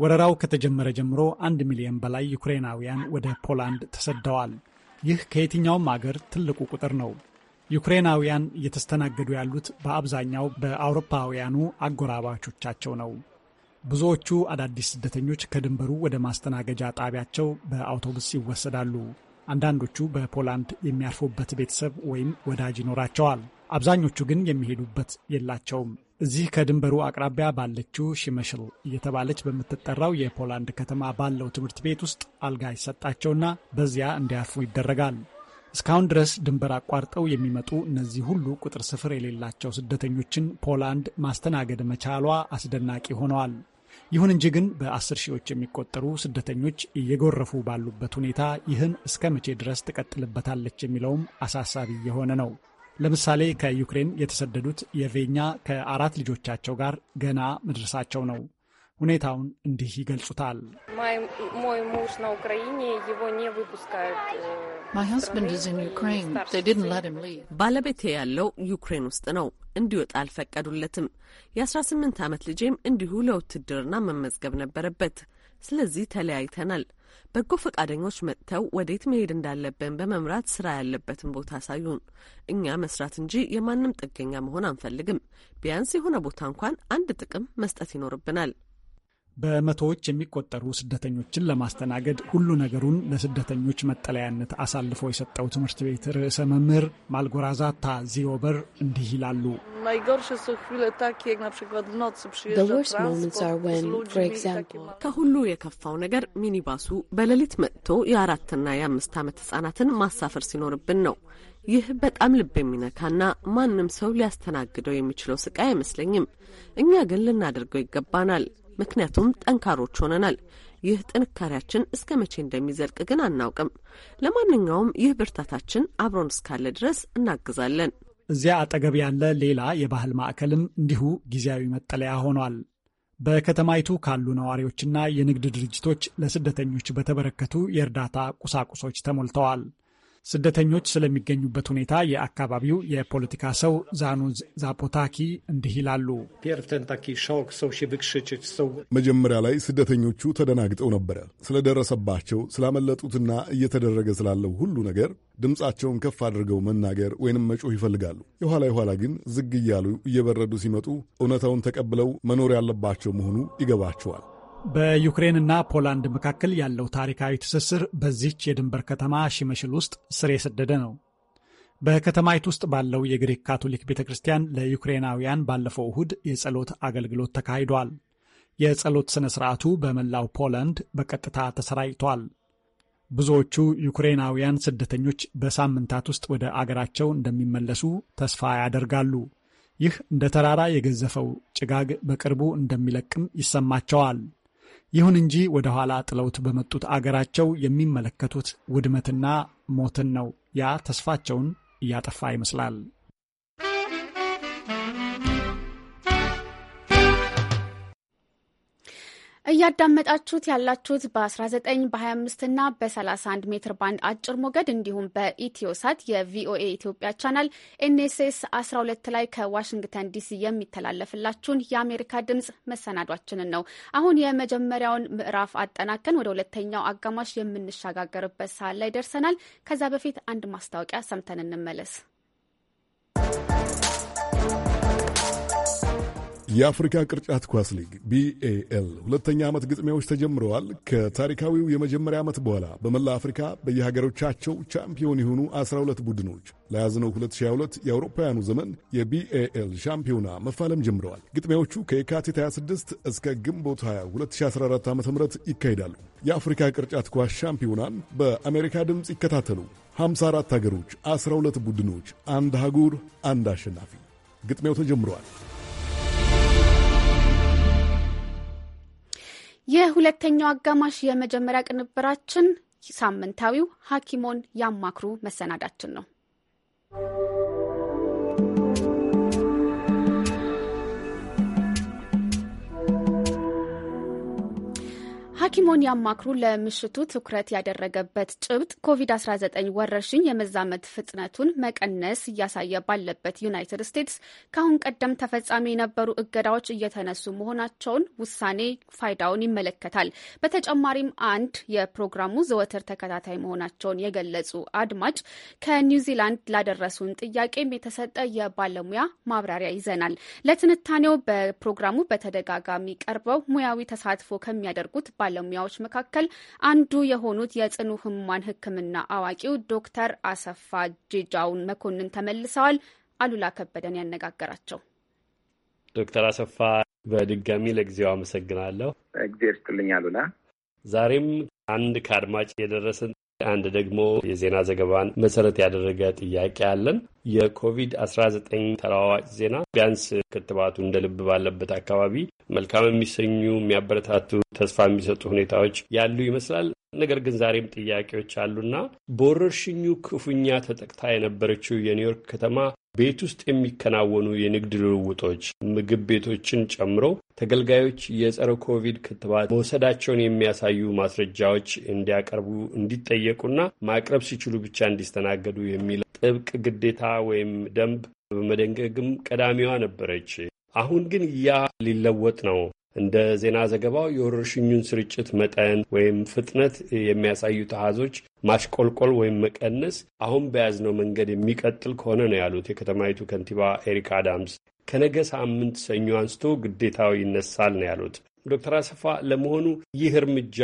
Speaker 7: ወረራው ከተጀመረ ጀምሮ አንድ ሚሊዮን በላይ ዩክሬናውያን ወደ ፖላንድ ተሰደዋል። ይህ ከየትኛውም አገር ትልቁ ቁጥር ነው። ዩክሬናውያን እየተስተናገዱ ያሉት በአብዛኛው በአውሮፓውያኑ አጎራባቾቻቸው ነው። ብዙዎቹ አዳዲስ ስደተኞች ከድንበሩ ወደ ማስተናገጃ ጣቢያቸው በአውቶቡስ ይወሰዳሉ። አንዳንዶቹ በፖላንድ የሚያርፉበት ቤተሰብ ወይም ወዳጅ ይኖራቸዋል። አብዛኞቹ ግን የሚሄዱበት የላቸውም። እዚህ ከድንበሩ አቅራቢያ ባለችው ሽመሽል እየተባለች በምትጠራው የፖላንድ ከተማ ባለው ትምህርት ቤት ውስጥ አልጋ ይሰጣቸውና በዚያ እንዲያርፉ ይደረጋል። እስካሁን ድረስ ድንበር አቋርጠው የሚመጡ እነዚህ ሁሉ ቁጥር ስፍር የሌላቸው ስደተኞችን ፖላንድ ማስተናገድ መቻሏ አስደናቂ ሆነዋል። ይሁን እንጂ ግን በአስር ሺዎች የሚቆጠሩ ስደተኞች እየጎረፉ ባሉበት ሁኔታ ይህን እስከ መቼ ድረስ ትቀጥልበታለች የሚለውም አሳሳቢ የሆነ ነው። ለምሳሌ ከዩክሬን የተሰደዱት የቬኛ ከአራት ልጆቻቸው ጋር ገና መድረሳቸው ነው። ሁኔታውን እንዲህ ይገልጹታል።
Speaker 8: э,
Speaker 13: ባለቤቴ ያለው ዩክሬን ውስጥ ነው። እንዲወጣ አልፈቀዱለትም። የ18 ዓመት ልጄም እንዲሁ ለውትድርና መመዝገብ ነበረበት። ስለዚህ ተለያይተናል። በጎ ፈቃደኞች መጥተው ወዴት መሄድ እንዳለብን በመምራት ስራ ያለበትን ቦታ አሳዩን። እኛ መስራት እንጂ የማንም ጥገኛ መሆን አንፈልግም። ቢያንስ የሆነ ቦታ እንኳን አንድ ጥቅም መስጠት ይኖርብናል።
Speaker 7: በመቶዎች የሚቆጠሩ ስደተኞችን ለማስተናገድ ሁሉ ነገሩን ለስደተኞች መጠለያነት አሳልፎ የሰጠው ትምህርት ቤት ርዕሰ መምህር ማልጎራዛታ ዚዮበር እንዲህ ይላሉ።
Speaker 13: ከሁሉ የከፋው ነገር ሚኒባሱ በሌሊት መጥቶ የአራትና የአምስት ዓመት ህጻናትን ማሳፈር ሲኖርብን ነው። ይህ በጣም ልብ የሚነካና ማንም ሰው ሊያስተናግደው የሚችለው ስቃይ አይመስለኝም። እኛ ግን ልናደርገው ይገባናል። ምክንያቱም ጠንካሮች ሆነናል። ይህ ጥንካሬያችን እስከ መቼ እንደሚዘልቅ ግን አናውቅም። ለማንኛውም ይህ ብርታታችን አብሮን እስካለ ድረስ እናግዛለን። እዚያ አጠገብ ያለ ሌላ የባህል ማዕከልም እንዲሁ ጊዜያዊ
Speaker 7: መጠለያ ሆኗል። በከተማይቱ ካሉ ነዋሪዎችና የንግድ ድርጅቶች ለስደተኞች በተበረከቱ የእርዳታ ቁሳቁሶች ተሞልተዋል። ስደተኞች ስለሚገኙበት ሁኔታ የአካባቢው የፖለቲካ ሰው ዛኑዝ ዛፖታኪ እንዲህ ይላሉ።
Speaker 6: መጀመሪያ ላይ ስደተኞቹ ተደናግጠው ነበረ። ስለደረሰባቸው ስላመለጡትና እየተደረገ ስላለው ሁሉ ነገር ድምፃቸውን ከፍ አድርገው መናገር ወይንም መጮህ ይፈልጋሉ። የኋላ የኋላ ግን ዝግ እያሉ እየበረዱ ሲመጡ እውነታውን ተቀብለው መኖር ያለባቸው መሆኑ ይገባቸዋል።
Speaker 7: በዩክሬንና ፖላንድ መካከል ያለው ታሪካዊ ትስስር በዚህች የድንበር ከተማ ሽመሽል ውስጥ ስር የሰደደ ነው። በከተማይቱ ውስጥ ባለው የግሪክ ካቶሊክ ቤተ ክርስቲያን ለዩክሬናውያን ባለፈው እሁድ የጸሎት አገልግሎት ተካሂዷል። የጸሎት ሥነ ሥርዓቱ በመላው ፖላንድ በቀጥታ ተሰራጭቷል። ብዙዎቹ ዩክሬናውያን ስደተኞች በሳምንታት ውስጥ ወደ አገራቸው እንደሚመለሱ ተስፋ ያደርጋሉ። ይህ እንደ ተራራ የገዘፈው ጭጋግ በቅርቡ እንደሚለቅም ይሰማቸዋል። ይሁን እንጂ ወደ ኋላ ጥለውት በመጡት አገራቸው የሚመለከቱት ውድመትና ሞትን ነው። ያ ተስፋቸውን እያጠፋ ይመስላል።
Speaker 1: እያዳመጣችሁት ያላችሁት በ19 በ25 እና በ31 ሜትር ባንድ አጭር ሞገድ እንዲሁም በኢትዮሳት የቪኦኤ ኢትዮጵያ ቻናል ኤንኤስኤስ 12 ላይ ከዋሽንግተን ዲሲ የሚተላለፍላችሁን የአሜሪካ ድምጽ መሰናዷችንን ነው። አሁን የመጀመሪያውን ምዕራፍ አጠናቀን ወደ ሁለተኛው አጋማሽ የምንሸጋገርበት ሰዓት ላይ ደርሰናል። ከዛ በፊት አንድ ማስታወቂያ ሰምተን እንመለስ።
Speaker 6: የአፍሪካ ቅርጫት ኳስ ሊግ ቢኤኤል ሁለተኛ ዓመት ግጥሚያዎች ተጀምረዋል። ከታሪካዊው የመጀመሪያ ዓመት በኋላ በመላ አፍሪካ በየሀገሮቻቸው ቻምፒዮን የሆኑ 12 ቡድኖች ለያዝነው 2022 የአውሮፓውያኑ ዘመን የቢኤኤል ሻምፒዮና መፋለም ጀምረዋል። ግጥሚያዎቹ ከየካቲት 26 እስከ ግንቦት 20 2014 ዓ ም ይካሄዳሉ። የአፍሪካ ቅርጫት ኳስ ሻምፒዮናን በአሜሪካ ድምፅ ይከታተሉ። 54 ሀገሮች፣ 12 ቡድኖች፣ አንድ አህጉር፣ አንድ አሸናፊ። ግጥሚያው ተጀምረዋል።
Speaker 1: የሁለተኛው አጋማሽ የመጀመሪያ ቅንብራችን ሳምንታዊው ሐኪሞን ያማክሩ መሰናዳችን ነው። ሐኪሞን ያማክሩ ለምሽቱ ትኩረት ያደረገበት ጭብጥ ኮቪድ-19 ወረርሽኝ የመዛመት ፍጥነቱን መቀነስ እያሳየ ባለበት ዩናይትድ ስቴትስ ከአሁን ቀደም ተፈጻሚ የነበሩ እገዳዎች እየተነሱ መሆናቸውን ውሳኔ ፋይዳውን ይመለከታል። በተጨማሪም አንድ የፕሮግራሙ ዘወትር ተከታታይ መሆናቸውን የገለጹ አድማጭ ከኒውዚላንድ ላደረሱን ጥያቄም የተሰጠ የባለሙያ ማብራሪያ ይዘናል። ለትንታኔው በፕሮግራሙ በተደጋጋሚ ቀርበው ሙያዊ ተሳትፎ ከሚያደርጉት ባለሙያዎች መካከል አንዱ የሆኑት የጽኑ ህሙማን ሕክምና አዋቂው ዶክተር አሰፋ ጅጃውን መኮንን ተመልሰዋል። አሉላ ከበደን ያነጋገራቸው
Speaker 3: ዶክተር አሰፋ በድጋሚ ለጊዜው አመሰግናለሁ።
Speaker 1: እግዜር
Speaker 14: ይስጥልኝ አሉላ።
Speaker 3: ዛሬም አንድ ከአድማጭ የደረሰን አንድ ደግሞ የዜና ዘገባን መሰረት ያደረገ ጥያቄ አለን። የኮቪድ-19 ተለዋዋጭ ዜና ቢያንስ ክትባቱ እንደ ልብ ባለበት አካባቢ መልካም የሚሰኙ የሚያበረታቱ፣ ተስፋ የሚሰጡ ሁኔታዎች ያሉ ይመስላል። ነገር ግን ዛሬም ጥያቄዎች አሉና በወረርሽኙ ክፉኛ ተጠቅታ የነበረችው የኒውዮርክ ከተማ ቤት ውስጥ የሚከናወኑ የንግድ ልውውጦች ምግብ ቤቶችን ጨምሮ ተገልጋዮች የጸረ ኮቪድ ክትባት መውሰዳቸውን የሚያሳዩ ማስረጃዎች እንዲያቀርቡ እንዲጠየቁና ማቅረብ ሲችሉ ብቻ እንዲስተናገዱ የሚል ጥብቅ ግዴታ ወይም ደንብ በመደንገግም ቀዳሚዋ ነበረች። አሁን ግን ያ ሊለወጥ ነው። እንደ ዜና ዘገባው የወረርሽኙን ስርጭት መጠን ወይም ፍጥነት የሚያሳዩ አሃዞች ማሽቆልቆል ወይም መቀነስ አሁን በያዝነው መንገድ የሚቀጥል ከሆነ ነው ያሉት የከተማይቱ ከንቲባ ኤሪክ አዳምስ። ከነገ ሳምንት ሰኞ አንስቶ ግዴታው ይነሳል ነው ያሉት። ዶክተር አሰፋ ለመሆኑ ይህ እርምጃ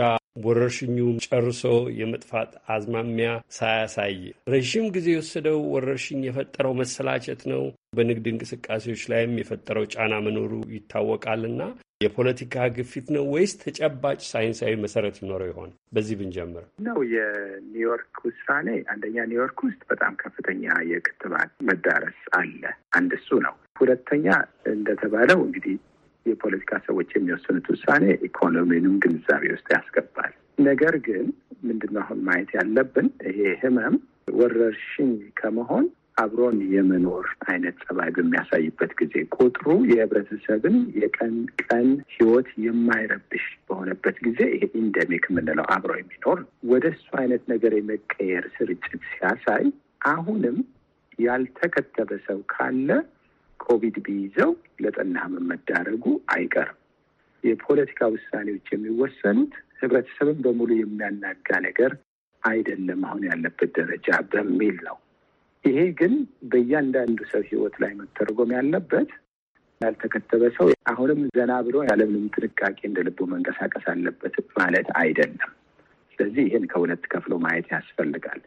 Speaker 3: ወረርሽኙ ጨርሶ የመጥፋት አዝማሚያ ሳያሳይ ረዥም ጊዜ የወሰደው ወረርሽኝ የፈጠረው መሰላቸት ነው። በንግድ እንቅስቃሴዎች ላይም የፈጠረው ጫና መኖሩ ይታወቃልና የፖለቲካ ግፊት ነው ወይስ ተጨባጭ ሳይንሳዊ መሰረት ይኖረው ይሆን? በዚህ ብንጀምር
Speaker 14: ነው። የኒውዮርክ ውሳኔ አንደኛ፣ ኒውዮርክ ውስጥ በጣም ከፍተኛ የክትባት መዳረስ አለ። አንድ እሱ ነው። ሁለተኛ እንደተባለው እንግዲህ የፖለቲካ ሰዎች የሚወስኑት ውሳኔ ኢኮኖሚንም ግንዛቤ ውስጥ ያስገባል። ነገር ግን ምንድነው አሁን ማየት ያለብን ይሄ ህመም ወረርሽኝ ከመሆን አብሮን የመኖር አይነት ጸባይ በሚያሳይበት ጊዜ ቁጥሩ የህብረተሰብን የቀን ቀን ህይወት የማይረብሽ በሆነበት ጊዜ ይሄ ኢንደሚክ የምንለው አብሮ የሚኖር ወደ እሱ አይነት ነገር የመቀየር ስርጭት ሲያሳይ አሁንም ያልተከተበ ሰው ካለ ኮቪድ ቢይዘው ለጠና ህመም መዳረጉ አይቀርም። የፖለቲካ ውሳኔዎች የሚወሰኑት ህብረተሰብን በሙሉ የሚያናጋ ነገር አይደለም አሁን ያለበት ደረጃ በሚል ነው። ይሄ ግን በእያንዳንዱ ሰው ህይወት ላይ መተርጎም ያለበት ያልተከተበ ሰው አሁንም ዘና ብሎ ያለምንም ጥንቃቄ እንደ ልቡ መንቀሳቀስ አለበት ማለት አይደለም። ስለዚህ ይህን ከሁለት ከፍሎ ማየት ያስፈልጋል።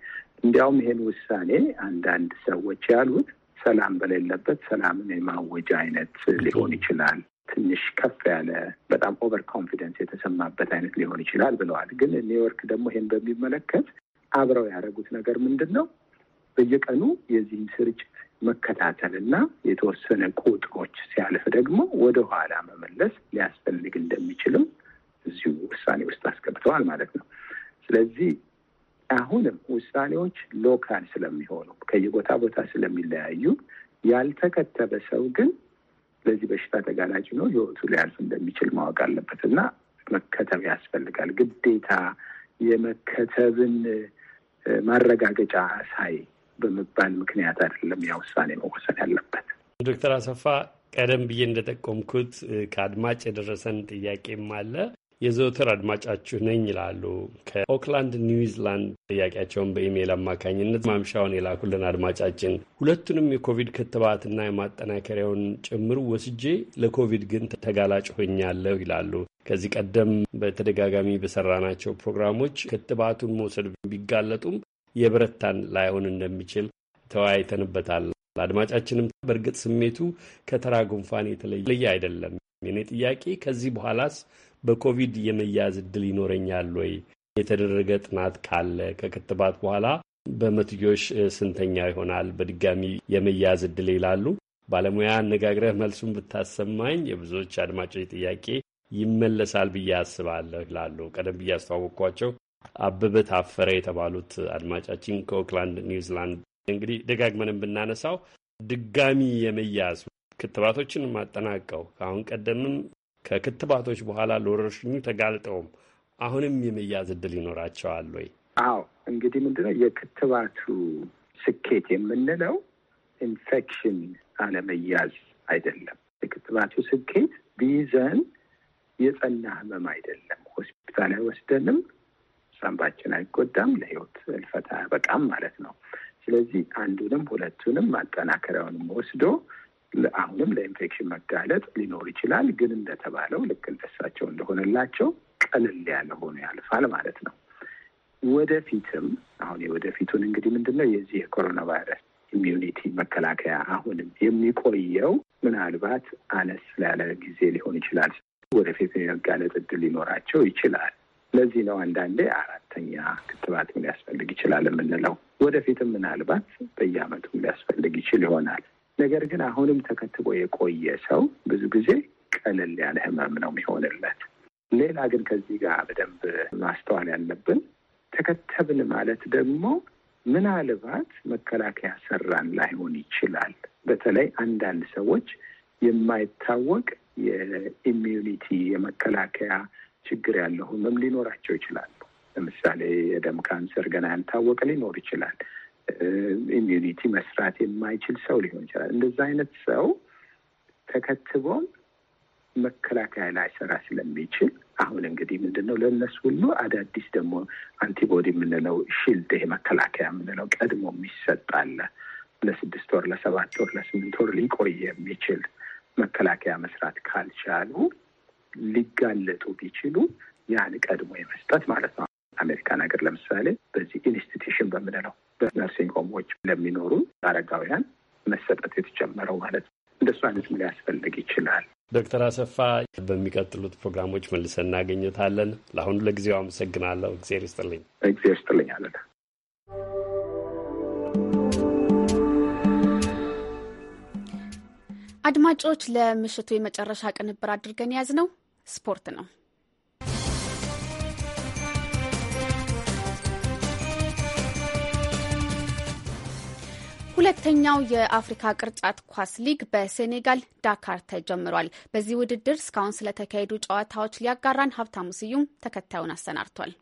Speaker 14: እንዲያውም ይህን ውሳኔ አንዳንድ ሰዎች ያሉት ሰላም በሌለበት ሰላምን የማወጅ አይነት ሊሆን ይችላል። ትንሽ ከፍ ያለ በጣም ኦቨር ኮንፊደንስ የተሰማበት አይነት ሊሆን ይችላል ብለዋል። ግን ኒውዮርክ ደግሞ ይሄን በሚመለከት አብረው ያደረጉት ነገር ምንድን ነው? በየቀኑ የዚህ ስርጭት መከታተል እና የተወሰነ ቁጥሮች ሲያልፍ ደግሞ ወደኋላ መመለስ ሊያስፈልግ እንደሚችልም እዚሁ ውሳኔ ውስጥ አስገብተዋል ማለት ነው። ስለዚህ አሁንም ውሳኔዎች ሎካል ስለሚሆኑ ከየቦታ ቦታ ስለሚለያዩ ያልተከተበ ሰው ግን ለዚህ በሽታ ተጋላጭ ነው፣ ህይወቱ ሊያልፍ እንደሚችል ማወቅ አለበት እና መከተብ ያስፈልጋል ግዴታ። የመከተብን ማረጋገጫ ሳይ በመባል ምክንያት አይደለም ያ ውሳኔ መወሰን
Speaker 3: ያለበት። ዶክተር አሰፋ ቀደም ብዬ እንደጠቆምኩት ከአድማጭ የደረሰን ጥያቄም አለ። የዘወትር አድማጫችሁ ነኝ ይላሉ። ከኦክላንድ ኒውዚላንድ ጥያቄያቸውን በኢሜይል አማካኝነት ማምሻውን የላኩልን አድማጫችን ሁለቱንም የኮቪድ ክትባትና የማጠናከሪያውን ጭምር ወስጄ ለኮቪድ ግን ተጋላጭ ሆኛለሁ ይላሉ። ከዚህ ቀደም በተደጋጋሚ በሰራናቸው ፕሮግራሞች ክትባቱን መውሰድ ቢጋለጡም የብረታን ላይሆን እንደሚችል ተወያይተንበታል። አድማጫችንም በእርግጥ ስሜቱ ከተራ ጉንፋን የተለየ አይደለም። የኔ ጥያቄ ከዚህ በኋላስ በኮቪድ የመያዝ እድል ይኖረኛል ወይ? የተደረገ ጥናት ካለ ከክትባት በኋላ በመትዮሽ ስንተኛ ይሆናል በድጋሚ የመያዝ እድል ይላሉ። ባለሙያ አነጋግረህ መልሱን ብታሰማኝ የብዙዎች አድማጮች ጥያቄ ይመለሳል ብዬ አስባለሁ ይላሉ። ቀደም ብዬ አስተዋወቅኳቸው አበበ ታፈረ የተባሉት አድማጫችን ከኦክላንድ ኒውዚላንድ። እንግዲህ ደጋግመንም ብናነሳው ድጋሚ የመያዝ ክትባቶችን ማጠናቀው ከአሁን ቀደምም ከክትባቶች በኋላ ለወረርሽኙ ተጋልጠውም አሁንም የመያዝ ዕድል ይኖራቸዋል ወይ?
Speaker 14: አዎ እንግዲህ ምንድነው የክትባቱ ስኬት የምንለው ኢንፌክሽን አለመያዝ አይደለም። የክትባቱ ስኬት ቢይዘን የጸና ህመም አይደለም። ሆስፒታል አይወስደንም፣ ሳምባችን አይጎዳም፣ ለህይወት እልፈት አያበቃም ማለት ነው። ስለዚህ አንዱንም ሁለቱንም ማጠናከሪያውንም ወስዶ አሁንም ለኢንፌክሽን መጋለጥ ሊኖር ይችላል። ግን እንደተባለው ልክ እንደሳቸው እንደሆነላቸው ቀለል ያለ ሆኖ ያልፋል ማለት ነው። ወደፊትም አሁን የወደፊቱን እንግዲህ ምንድን ነው የዚህ የኮሮና ቫይረስ ኢሚዩኒቲ መከላከያ አሁንም የሚቆየው ምናልባት አነስ ላለ ጊዜ ሊሆን ይችላል። ወደፊት የመጋለጥ እድል ሊኖራቸው ይችላል። ለዚህ ነው አንዳንዴ አራተኛ ክትባትም ሊያስፈልግ ይችላል የምንለው። ወደፊትም ምናልባት በየአመቱም ሊያስፈልግ ይችል ይሆናል። ነገር ግን አሁንም ተከትቦ የቆየ ሰው ብዙ ጊዜ ቀለል ያለ ህመም ነው የሚሆንለት። ሌላ ግን ከዚህ ጋር በደንብ ማስተዋል ያለብን ተከተብን ማለት ደግሞ ምናልባት መከላከያ ሰራን ላይሆን ይችላል። በተለይ አንዳንድ ሰዎች የማይታወቅ የኢሚዩኒቲ የመከላከያ ችግር ያለው ህመም ሊኖራቸው ይችላሉ። ለምሳሌ የደም ካንሰር ገና ያልታወቀ ሊኖር ይችላል። ኢሚዩኒቲ መስራት የማይችል ሰው ሊሆን ይችላል። እንደዛ አይነት ሰው ተከትቦም መከላከያ ላይሰራ ስለሚችል አሁን እንግዲህ ምንድን ነው ለእነሱ ሁሉ አዳዲስ ደግሞ አንቲቦዲ የምንለው ሺልድ ይሄ መከላከያ የምንለው ቀድሞ የሚሰጣለ ለስድስት ወር፣ ለሰባት ወር፣ ለስምንት ወር ሊቆይ የሚችል መከላከያ መስራት ካልቻሉ ሊጋለጡ ቢችሉ ያን ቀድሞ የመስጠት ማለት ነው። አሜሪካን ሀገር ለምሳሌ በዚህ ኢንስቲትዩሽን በምንለው በነርሲንግ ሆሞች ለሚኖሩ አረጋውያን መሰጠት የተጀመረው ማለት ነው። እንደሱ አይነት ምን ሊያስፈልግ ይችላል?
Speaker 3: ዶክተር አሰፋ በሚቀጥሉት ፕሮግራሞች መልሰን እናገኘታለን። ለአሁኑ ለጊዜው አመሰግናለሁ። እግዜር ይስጥልኝ። እግዜር
Speaker 14: ይስጥልኝ አለን።
Speaker 1: አድማጮች፣ ለምሽቱ የመጨረሻ ቅንብር አድርገን የያዝነው ስፖርት ነው። ሁለተኛው የአፍሪካ ቅርጫት ኳስ ሊግ በሴኔጋል ዳካር ተጀምሯል። በዚህ ውድድር እስካሁን ስለተካሄዱ ጨዋታዎች ሊያጋራን ሀብታሙ ስዩም ተከታዩን አሰናድቷል።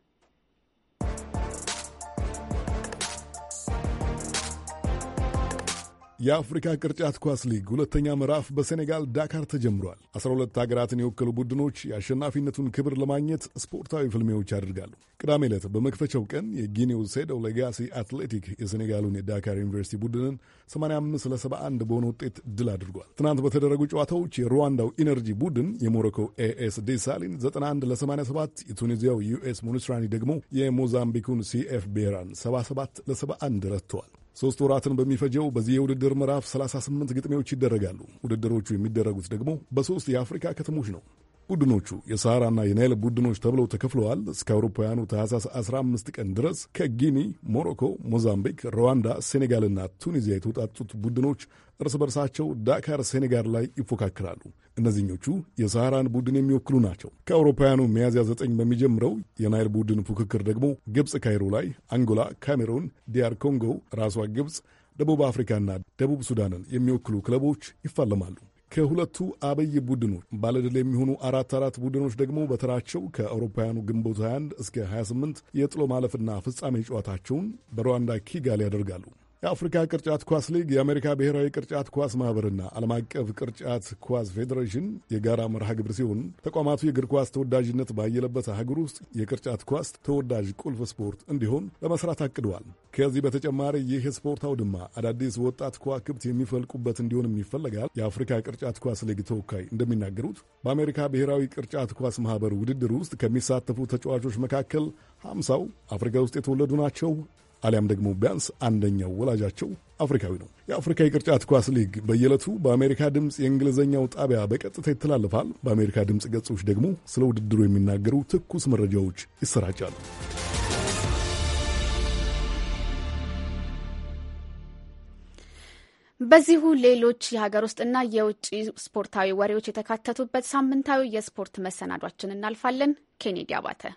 Speaker 6: የአፍሪካ ቅርጫት ኳስ ሊግ ሁለተኛ ምዕራፍ በሴኔጋል ዳካር ተጀምሯል። 12 ሀገራትን የወከሉ ቡድኖች የአሸናፊነቱን ክብር ለማግኘት ስፖርታዊ ፍልሚያዎች ያደርጋሉ። ቅዳሜ ዕለት በመክፈቻው ቀን የጊኒው ሴዶ ሌጋሲ አትሌቲክ የሴኔጋሉን የዳካር ዩኒቨርሲቲ ቡድንን 85 ለ71 በሆነ ውጤት ድል አድርጓል። ትናንት በተደረጉ ጨዋታዎች የሩዋንዳው ኢነርጂ ቡድን የሞሮኮ ኤኤስ ዴሳሊን 91 ለ87፣ የቱኒዚያው ዩኤስ ሙኒስራኒ ደግሞ የሞዛምቢኩን ሲኤፍ ብሔራን 77 ለ71 ረትተዋል። ሶስት ወራትን በሚፈጀው በዚህ የውድድር ምዕራፍ 38 ግጥሚያዎች ይደረጋሉ። ውድድሮቹ የሚደረጉት ደግሞ በሶስት የአፍሪካ ከተሞች ነው። ቡድኖቹ የሰሃራና የናይል ቡድኖች ተብለው ተከፍለዋል። እስከ አውሮፓውያኑ ታህሳስ 15 ቀን ድረስ ከጊኒ፣ ሞሮኮ፣ ሞዛምቢክ፣ ሩዋንዳ፣ ሴኔጋልና ቱኒዚያ የተውጣጡት ቡድኖች እርስ በርሳቸው ዳካር ሴኔጋል ላይ ይፎካክራሉ። እነዚህኞቹ የሰሃራን ቡድን የሚወክሉ ናቸው። ከአውሮፓውያኑ ሚያዝያ ዘጠኝ በሚጀምረው የናይል ቡድን ፉክክር ደግሞ ግብፅ ካይሮ ላይ፣ አንጎላ፣ ካሜሩን፣ ዲያር ኮንጎ፣ ራሷ ግብፅ፣ ደቡብ አፍሪካና ደቡብ ሱዳንን የሚወክሉ ክለቦች ይፋለማሉ። ከሁለቱ አበይ ቡድኖች ባለድል የሚሆኑ አራት አራት ቡድኖች ደግሞ በተራቸው ከአውሮፓውያኑ ግንቦት 21 እስከ 28 የጥሎ ማለፍና ፍጻሜ ጨዋታቸውን በሩዋንዳ ኪጋል ያደርጋሉ። የአፍሪካ ቅርጫት ኳስ ሊግ የአሜሪካ ብሔራዊ ቅርጫት ኳስ ማህበርና ዓለም አቀፍ ቅርጫት ኳስ ፌዴሬሽን የጋራ መርሃ ግብር ሲሆን ተቋማቱ የእግር ኳስ ተወዳጅነት ባየለበት አህጉር ውስጥ የቅርጫት ኳስ ተወዳጅ ቁልፍ ስፖርት እንዲሆን ለመስራት አቅደዋል። ከዚህ በተጨማሪ ይህ የስፖርት አውድማ አዳዲስ ወጣት ከዋክብት የሚፈልቁበት እንዲሆንም ይፈለጋል። የአፍሪካ ቅርጫት ኳስ ሊግ ተወካይ እንደሚናገሩት በአሜሪካ ብሔራዊ ቅርጫት ኳስ ማህበር ውድድር ውስጥ ከሚሳተፉ ተጫዋቾች መካከል ሀምሳው አፍሪካ ውስጥ የተወለዱ ናቸው። አሊያም ደግሞ ቢያንስ አንደኛው ወላጃቸው አፍሪካዊ ነው። የአፍሪካ የቅርጫት ኳስ ሊግ በየዕለቱ በአሜሪካ ድምፅ የእንግሊዝኛው ጣቢያ በቀጥታ ይተላለፋል። በአሜሪካ ድምፅ ገጾች ደግሞ ስለ ውድድሩ የሚናገሩ ትኩስ መረጃዎች ይሰራጫሉ።
Speaker 1: በዚሁ ሌሎች የሀገር ውስጥና የውጭ ስፖርታዊ ወሬዎች የተካተቱበት ሳምንታዊ የስፖርት መሰናዷችን እናልፋለን። ኬኔዲ አባተ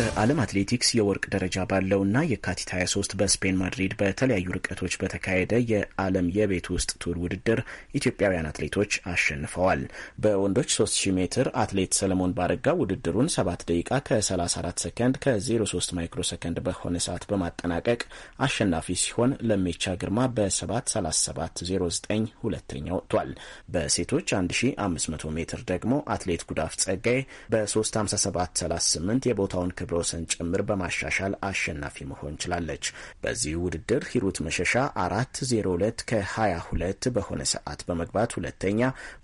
Speaker 4: በዓለም አትሌቲክስ የወርቅ ደረጃ ባለውና የካቲት 23 በስፔን ማድሪድ በተለያዩ ርቀቶች በተካሄደ የዓለም የቤት ውስጥ ቱር ውድድር ኢትዮጵያውያን አትሌቶች አሸንፈዋል። በወንዶች 3000 ሜትር አትሌት ሰለሞን ባረጋ ውድድሩን 7 ደቂቃ ከ34 ሰከንድ ከ03 ማይክሮ ሰከንድ በሆነ ሰዓት በማጠናቀቅ አሸናፊ ሲሆን ለሜቻ ግርማ በ73709 ሁለተኛ ወጥቷል። በሴቶች 1500 ሜትር ደግሞ አትሌት ጉዳፍ ጸጋይ በ35738 የቦታውን ክብ ቴዎድሮስን ጭምር በማሻሻል አሸናፊ መሆን ችላለች። በዚህ ውድድር ሂሩት መሸሻ አራት ዜሮ ሁለት ከሀያ ሁለት በሆነ ሰዓት በመግባት ሁለተኛ፣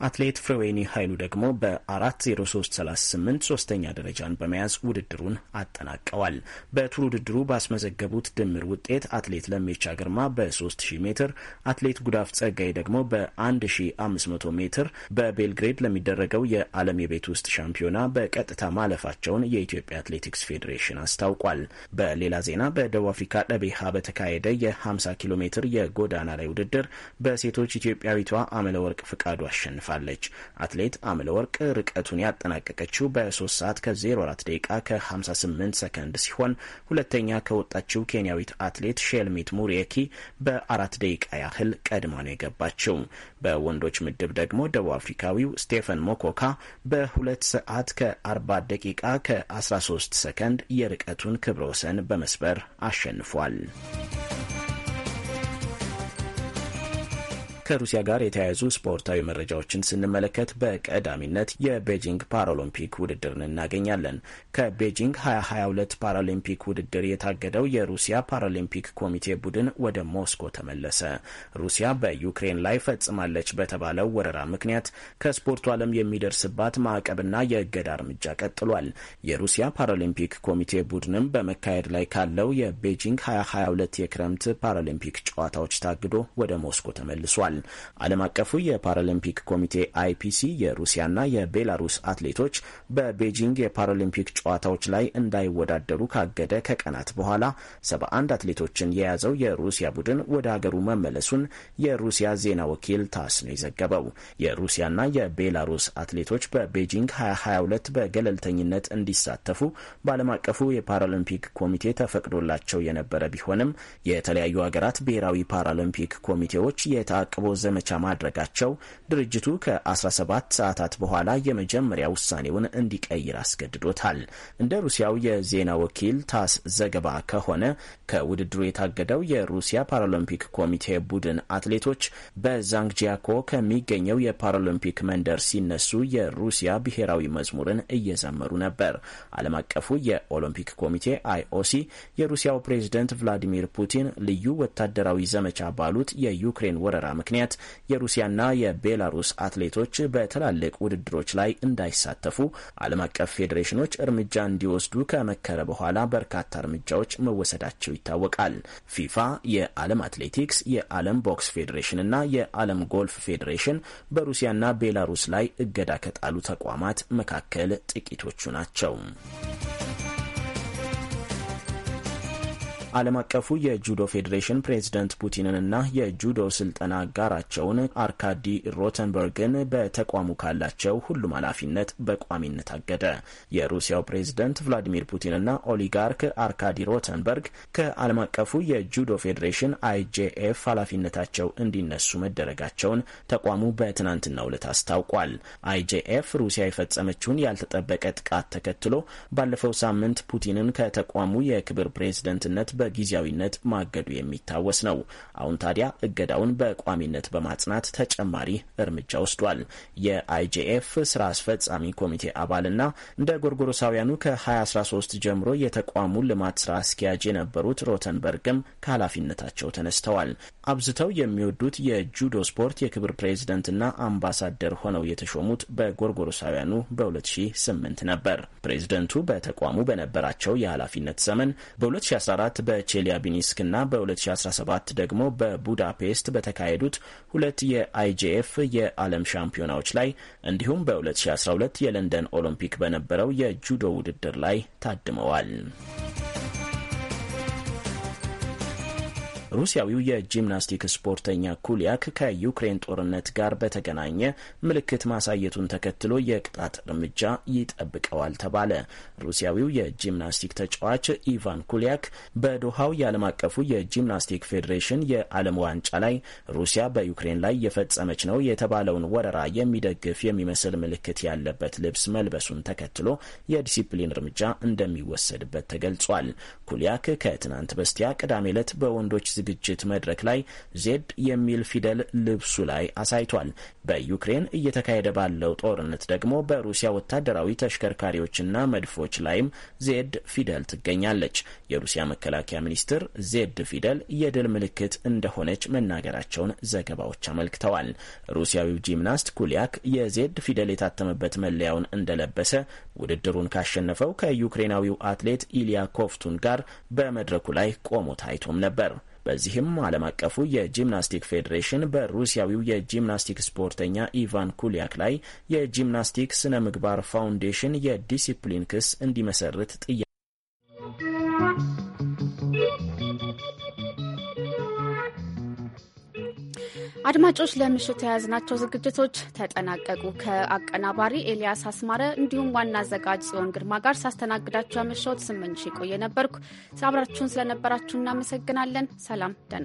Speaker 4: አትሌት ፍሬዌኒ ኃይሉ ደግሞ በአራት ዜሮ ሶስት ስምንት ሶስተኛ ደረጃን በመያዝ ውድድሩን አጠናቀዋል። በቱር ውድድሩ ባስመዘገቡት ድምር ውጤት አትሌት ለሜቻ ግርማ በ3000 ሜትር፣ አትሌት ጉዳፍ ጸጋይ ደግሞ በ1500 ሜትር በቤልግሬድ ለሚደረገው የዓለም የቤት ውስጥ ሻምፒዮና በቀጥታ ማለፋቸውን የኢትዮጵያ አትሌቲክስ ፌዴሬሽን አስታውቋል። በሌላ ዜና በደቡብ አፍሪካ ለቤሃ በተካሄደ የ50 ኪሎ ሜትር የጎዳና ላይ ውድድር በሴቶች ኢትዮጵያዊቷ አመለ ወርቅ ፍቃዱ አሸንፋለች። አትሌት አመለ ወርቅ ርቀቱን ያጠናቀቀችው በ3 ሰዓት ከ04 ደቂቃ ከ58 ሰከንድ ሲሆን ሁለተኛ ከወጣችው ኬንያዊት አትሌት ሼልሚት ሙሪኪ በአራት ደቂቃ ያህል ቀድማ ነው የገባችው። በወንዶች ምድብ ደግሞ ደቡብ አፍሪካዊው ስቴፈን ሞኮካ በሁለት ሰዓት ከ40 ደቂቃ ከ13 ሰከንድ የርቀቱን ክብረ ወሰን በመስበር አሸንፏል። ከሩሲያ ጋር የተያያዙ ስፖርታዊ መረጃዎችን ስንመለከት በቀዳሚነት የቤጂንግ ፓራሎምፒክ ውድድርን እናገኛለን። ከቤጂንግ 2022 ፓራሊምፒክ ውድድር የታገደው የሩሲያ ፓራሊምፒክ ኮሚቴ ቡድን ወደ ሞስኮ ተመለሰ። ሩሲያ በዩክሬን ላይ ፈጽማለች በተባለው ወረራ ምክንያት ከስፖርቱ ዓለም የሚደርስባት ማዕቀብና የእገዳ እርምጃ ቀጥሏል። የሩሲያ ፓራሊምፒክ ኮሚቴ ቡድንም በመካሄድ ላይ ካለው የቤጂንግ 2022 የክረምት ፓራሊምፒክ ጨዋታዎች ታግዶ ወደ ሞስኮ ተመልሷል። ገልጸዋል። ዓለም አቀፉ የፓራሊምፒክ ኮሚቴ አይፒሲ የሩሲያና የቤላሩስ አትሌቶች በቤጂንግ የፓራሊምፒክ ጨዋታዎች ላይ እንዳይወዳደሩ ካገደ ከቀናት በኋላ 71 አትሌቶችን የያዘው የሩሲያ ቡድን ወደ ሀገሩ መመለሱን የሩሲያ ዜና ወኪል ታስ ነው የዘገበው። የሩሲያና የቤላሩስ አትሌቶች በቤጂንግ 2022 በገለልተኝነት እንዲሳተፉ በዓለም አቀፉ የፓራሊምፒክ ኮሚቴ ተፈቅዶላቸው የነበረ ቢሆንም የተለያዩ ሀገራት ብሔራዊ ፓራሊምፒክ ኮሚቴዎች የታቅቦ ዘመቻ ማድረጋቸው ድርጅቱ ከ17 ሰዓታት በኋላ የመጀመሪያ ውሳኔውን እንዲቀይር አስገድዶታል። እንደ ሩሲያው የዜና ወኪል ታስ ዘገባ ከሆነ ከውድድሩ የታገደው የሩሲያ ፓራሎምፒክ ኮሚቴ ቡድን አትሌቶች በዛንግጂያኮ ከሚገኘው የፓራሎምፒክ መንደር ሲነሱ የሩሲያ ብሔራዊ መዝሙርን እየዘመሩ ነበር። ዓለም አቀፉ የኦሎምፒክ ኮሚቴ አይኦሲ የሩሲያው ፕሬዝደንት ቭላዲሚር ፑቲን ልዩ ወታደራዊ ዘመቻ ባሉት የዩክሬን ወረራ ምክንያት ምክንያት የሩሲያና የቤላሩስ አትሌቶች በትላልቅ ውድድሮች ላይ እንዳይሳተፉ ዓለም አቀፍ ፌዴሬሽኖች እርምጃ እንዲወስዱ ከመከረ በኋላ በርካታ እርምጃዎች መወሰዳቸው ይታወቃል። ፊፋ፣ የዓለም አትሌቲክስ፣ የዓለም ቦክስ ፌዴሬሽን እና የዓለም ጎልፍ ፌዴሬሽን በሩሲያና ቤላሩስ ላይ እገዳ ከጣሉ ተቋማት መካከል ጥቂቶቹ ናቸው። ዓለም አቀፉ የጁዶ ፌዴሬሽን ፑቲንን ፑቲንንና የጁዶ ስልጠና አጋራቸውን አርካዲ ሮተንበርግን በተቋሙ ካላቸው ሁሉም ኃላፊነት በቋሚነት አገደ። የሩሲያው ፕሬዝደንት ቭላዲሚር ፑቲንና ኦሊጋርክ አርካዲ ሮተንበርግ ከዓለም አቀፉ የጁዶ ፌዴሬሽን አይጄኤፍ ኃላፊነታቸው እንዲነሱ መደረጋቸውን ተቋሙ በትናንትናው ዕለት አስታውቋል። አይጄኤፍ ሩሲያ የፈጸመችውን ያልተጠበቀ ጥቃት ተከትሎ ባለፈው ሳምንት ፑቲንን ከተቋሙ የክብር ፕሬዝደንትነት በ በጊዜያዊነት ማገዱ የሚታወስ ነው። አሁን ታዲያ እገዳውን በቋሚነት በማጽናት ተጨማሪ እርምጃ ወስዷል። የአይጄኤፍ ስራ አስፈጻሚ ኮሚቴ አባልና እንደ ጎርጎሮሳውያኑ ከ2013 ጀምሮ የተቋሙ ልማት ስራ አስኪያጅ የነበሩት ሮተንበርግም ከኃላፊነታቸው ተነስተዋል። አብዝተው የሚወዱት የጁዶ ስፖርት የክብር ፕሬዝደንትና አምባሳደር ሆነው የተሾሙት በጎርጎሮሳውያኑ በ2008 ነበር። ፕሬዝደንቱ በተቋሙ በነበራቸው የኃላፊነት ዘመን በ2014 በቼሊያቢኒስክና በ2017 ደግሞ በቡዳፔስት በተካሄዱት ሁለት የአይጄኤፍ የዓለም ሻምፒዮናዎች ላይ እንዲሁም በ2012 የለንደን ኦሎምፒክ በነበረው የጁዶ ውድድር ላይ ታድመዋል። ሩሲያዊው የጂምናስቲክ ስፖርተኛ ኩሊያክ ከዩክሬን ጦርነት ጋር በተገናኘ ምልክት ማሳየቱን ተከትሎ የቅጣት እርምጃ ይጠብቀዋል ተባለ። ሩሲያዊው የጂምናስቲክ ተጫዋች ኢቫን ኩሊያክ በዶሃው የዓለም አቀፉ የጂምናስቲክ ፌዴሬሽን የዓለም ዋንጫ ላይ ሩሲያ በዩክሬን ላይ የፈጸመች ነው የተባለውን ወረራ የሚደግፍ የሚመስል ምልክት ያለበት ልብስ መልበሱን ተከትሎ የዲሲፕሊን እርምጃ እንደሚወሰድበት ተገልጿል። ኩሊያክ ከትናንት በስቲያ ቅዳሜ ዕለት በወንዶች ዝግጅት መድረክ ላይ ዜድ የሚል ፊደል ልብሱ ላይ አሳይቷል። በዩክሬን እየተካሄደ ባለው ጦርነት ደግሞ በሩሲያ ወታደራዊ ተሽከርካሪዎችና መድፎች ላይም ዜድ ፊደል ትገኛለች። የሩሲያ መከላከያ ሚኒስትር ዜድ ፊደል የድል ምልክት እንደሆነች መናገራቸውን ዘገባዎች አመልክተዋል። ሩሲያዊው ጂምናስት ኩሊያክ የዜድ ፊደል የታተመበት መለያውን እንደለበሰ ውድድሩን ካሸነፈው ከዩክሬናዊው አትሌት ኢሊያ ኮፍቱን ጋር በመድረኩ ላይ ቆሞ ታይቶም ነበር። በዚህም ዓለም አቀፉ የጂምናስቲክ ፌዴሬሽን በሩሲያዊው የጂምናስቲክ ስፖርተኛ ኢቫን ኩሊያክ ላይ የጂምናስቲክ ስነ ምግባር ፋውንዴሽን የዲሲፕሊን ክስ እንዲመሰርት ጥያ
Speaker 1: አድማጮች ለምሽት የያዝናቸው ዝግጅቶች ተጠናቀቁ። ከአቀናባሪ ኤልያስ አስማረ እንዲሁም ዋና አዘጋጅ ጽዮን ግርማ ጋር ሳስተናግዳቸው ያመሸሁት ስምንሽ የቆየ ነበርኩ። አብራችሁን ስለነበራችሁ እናመሰግናለን። ሰላም ደና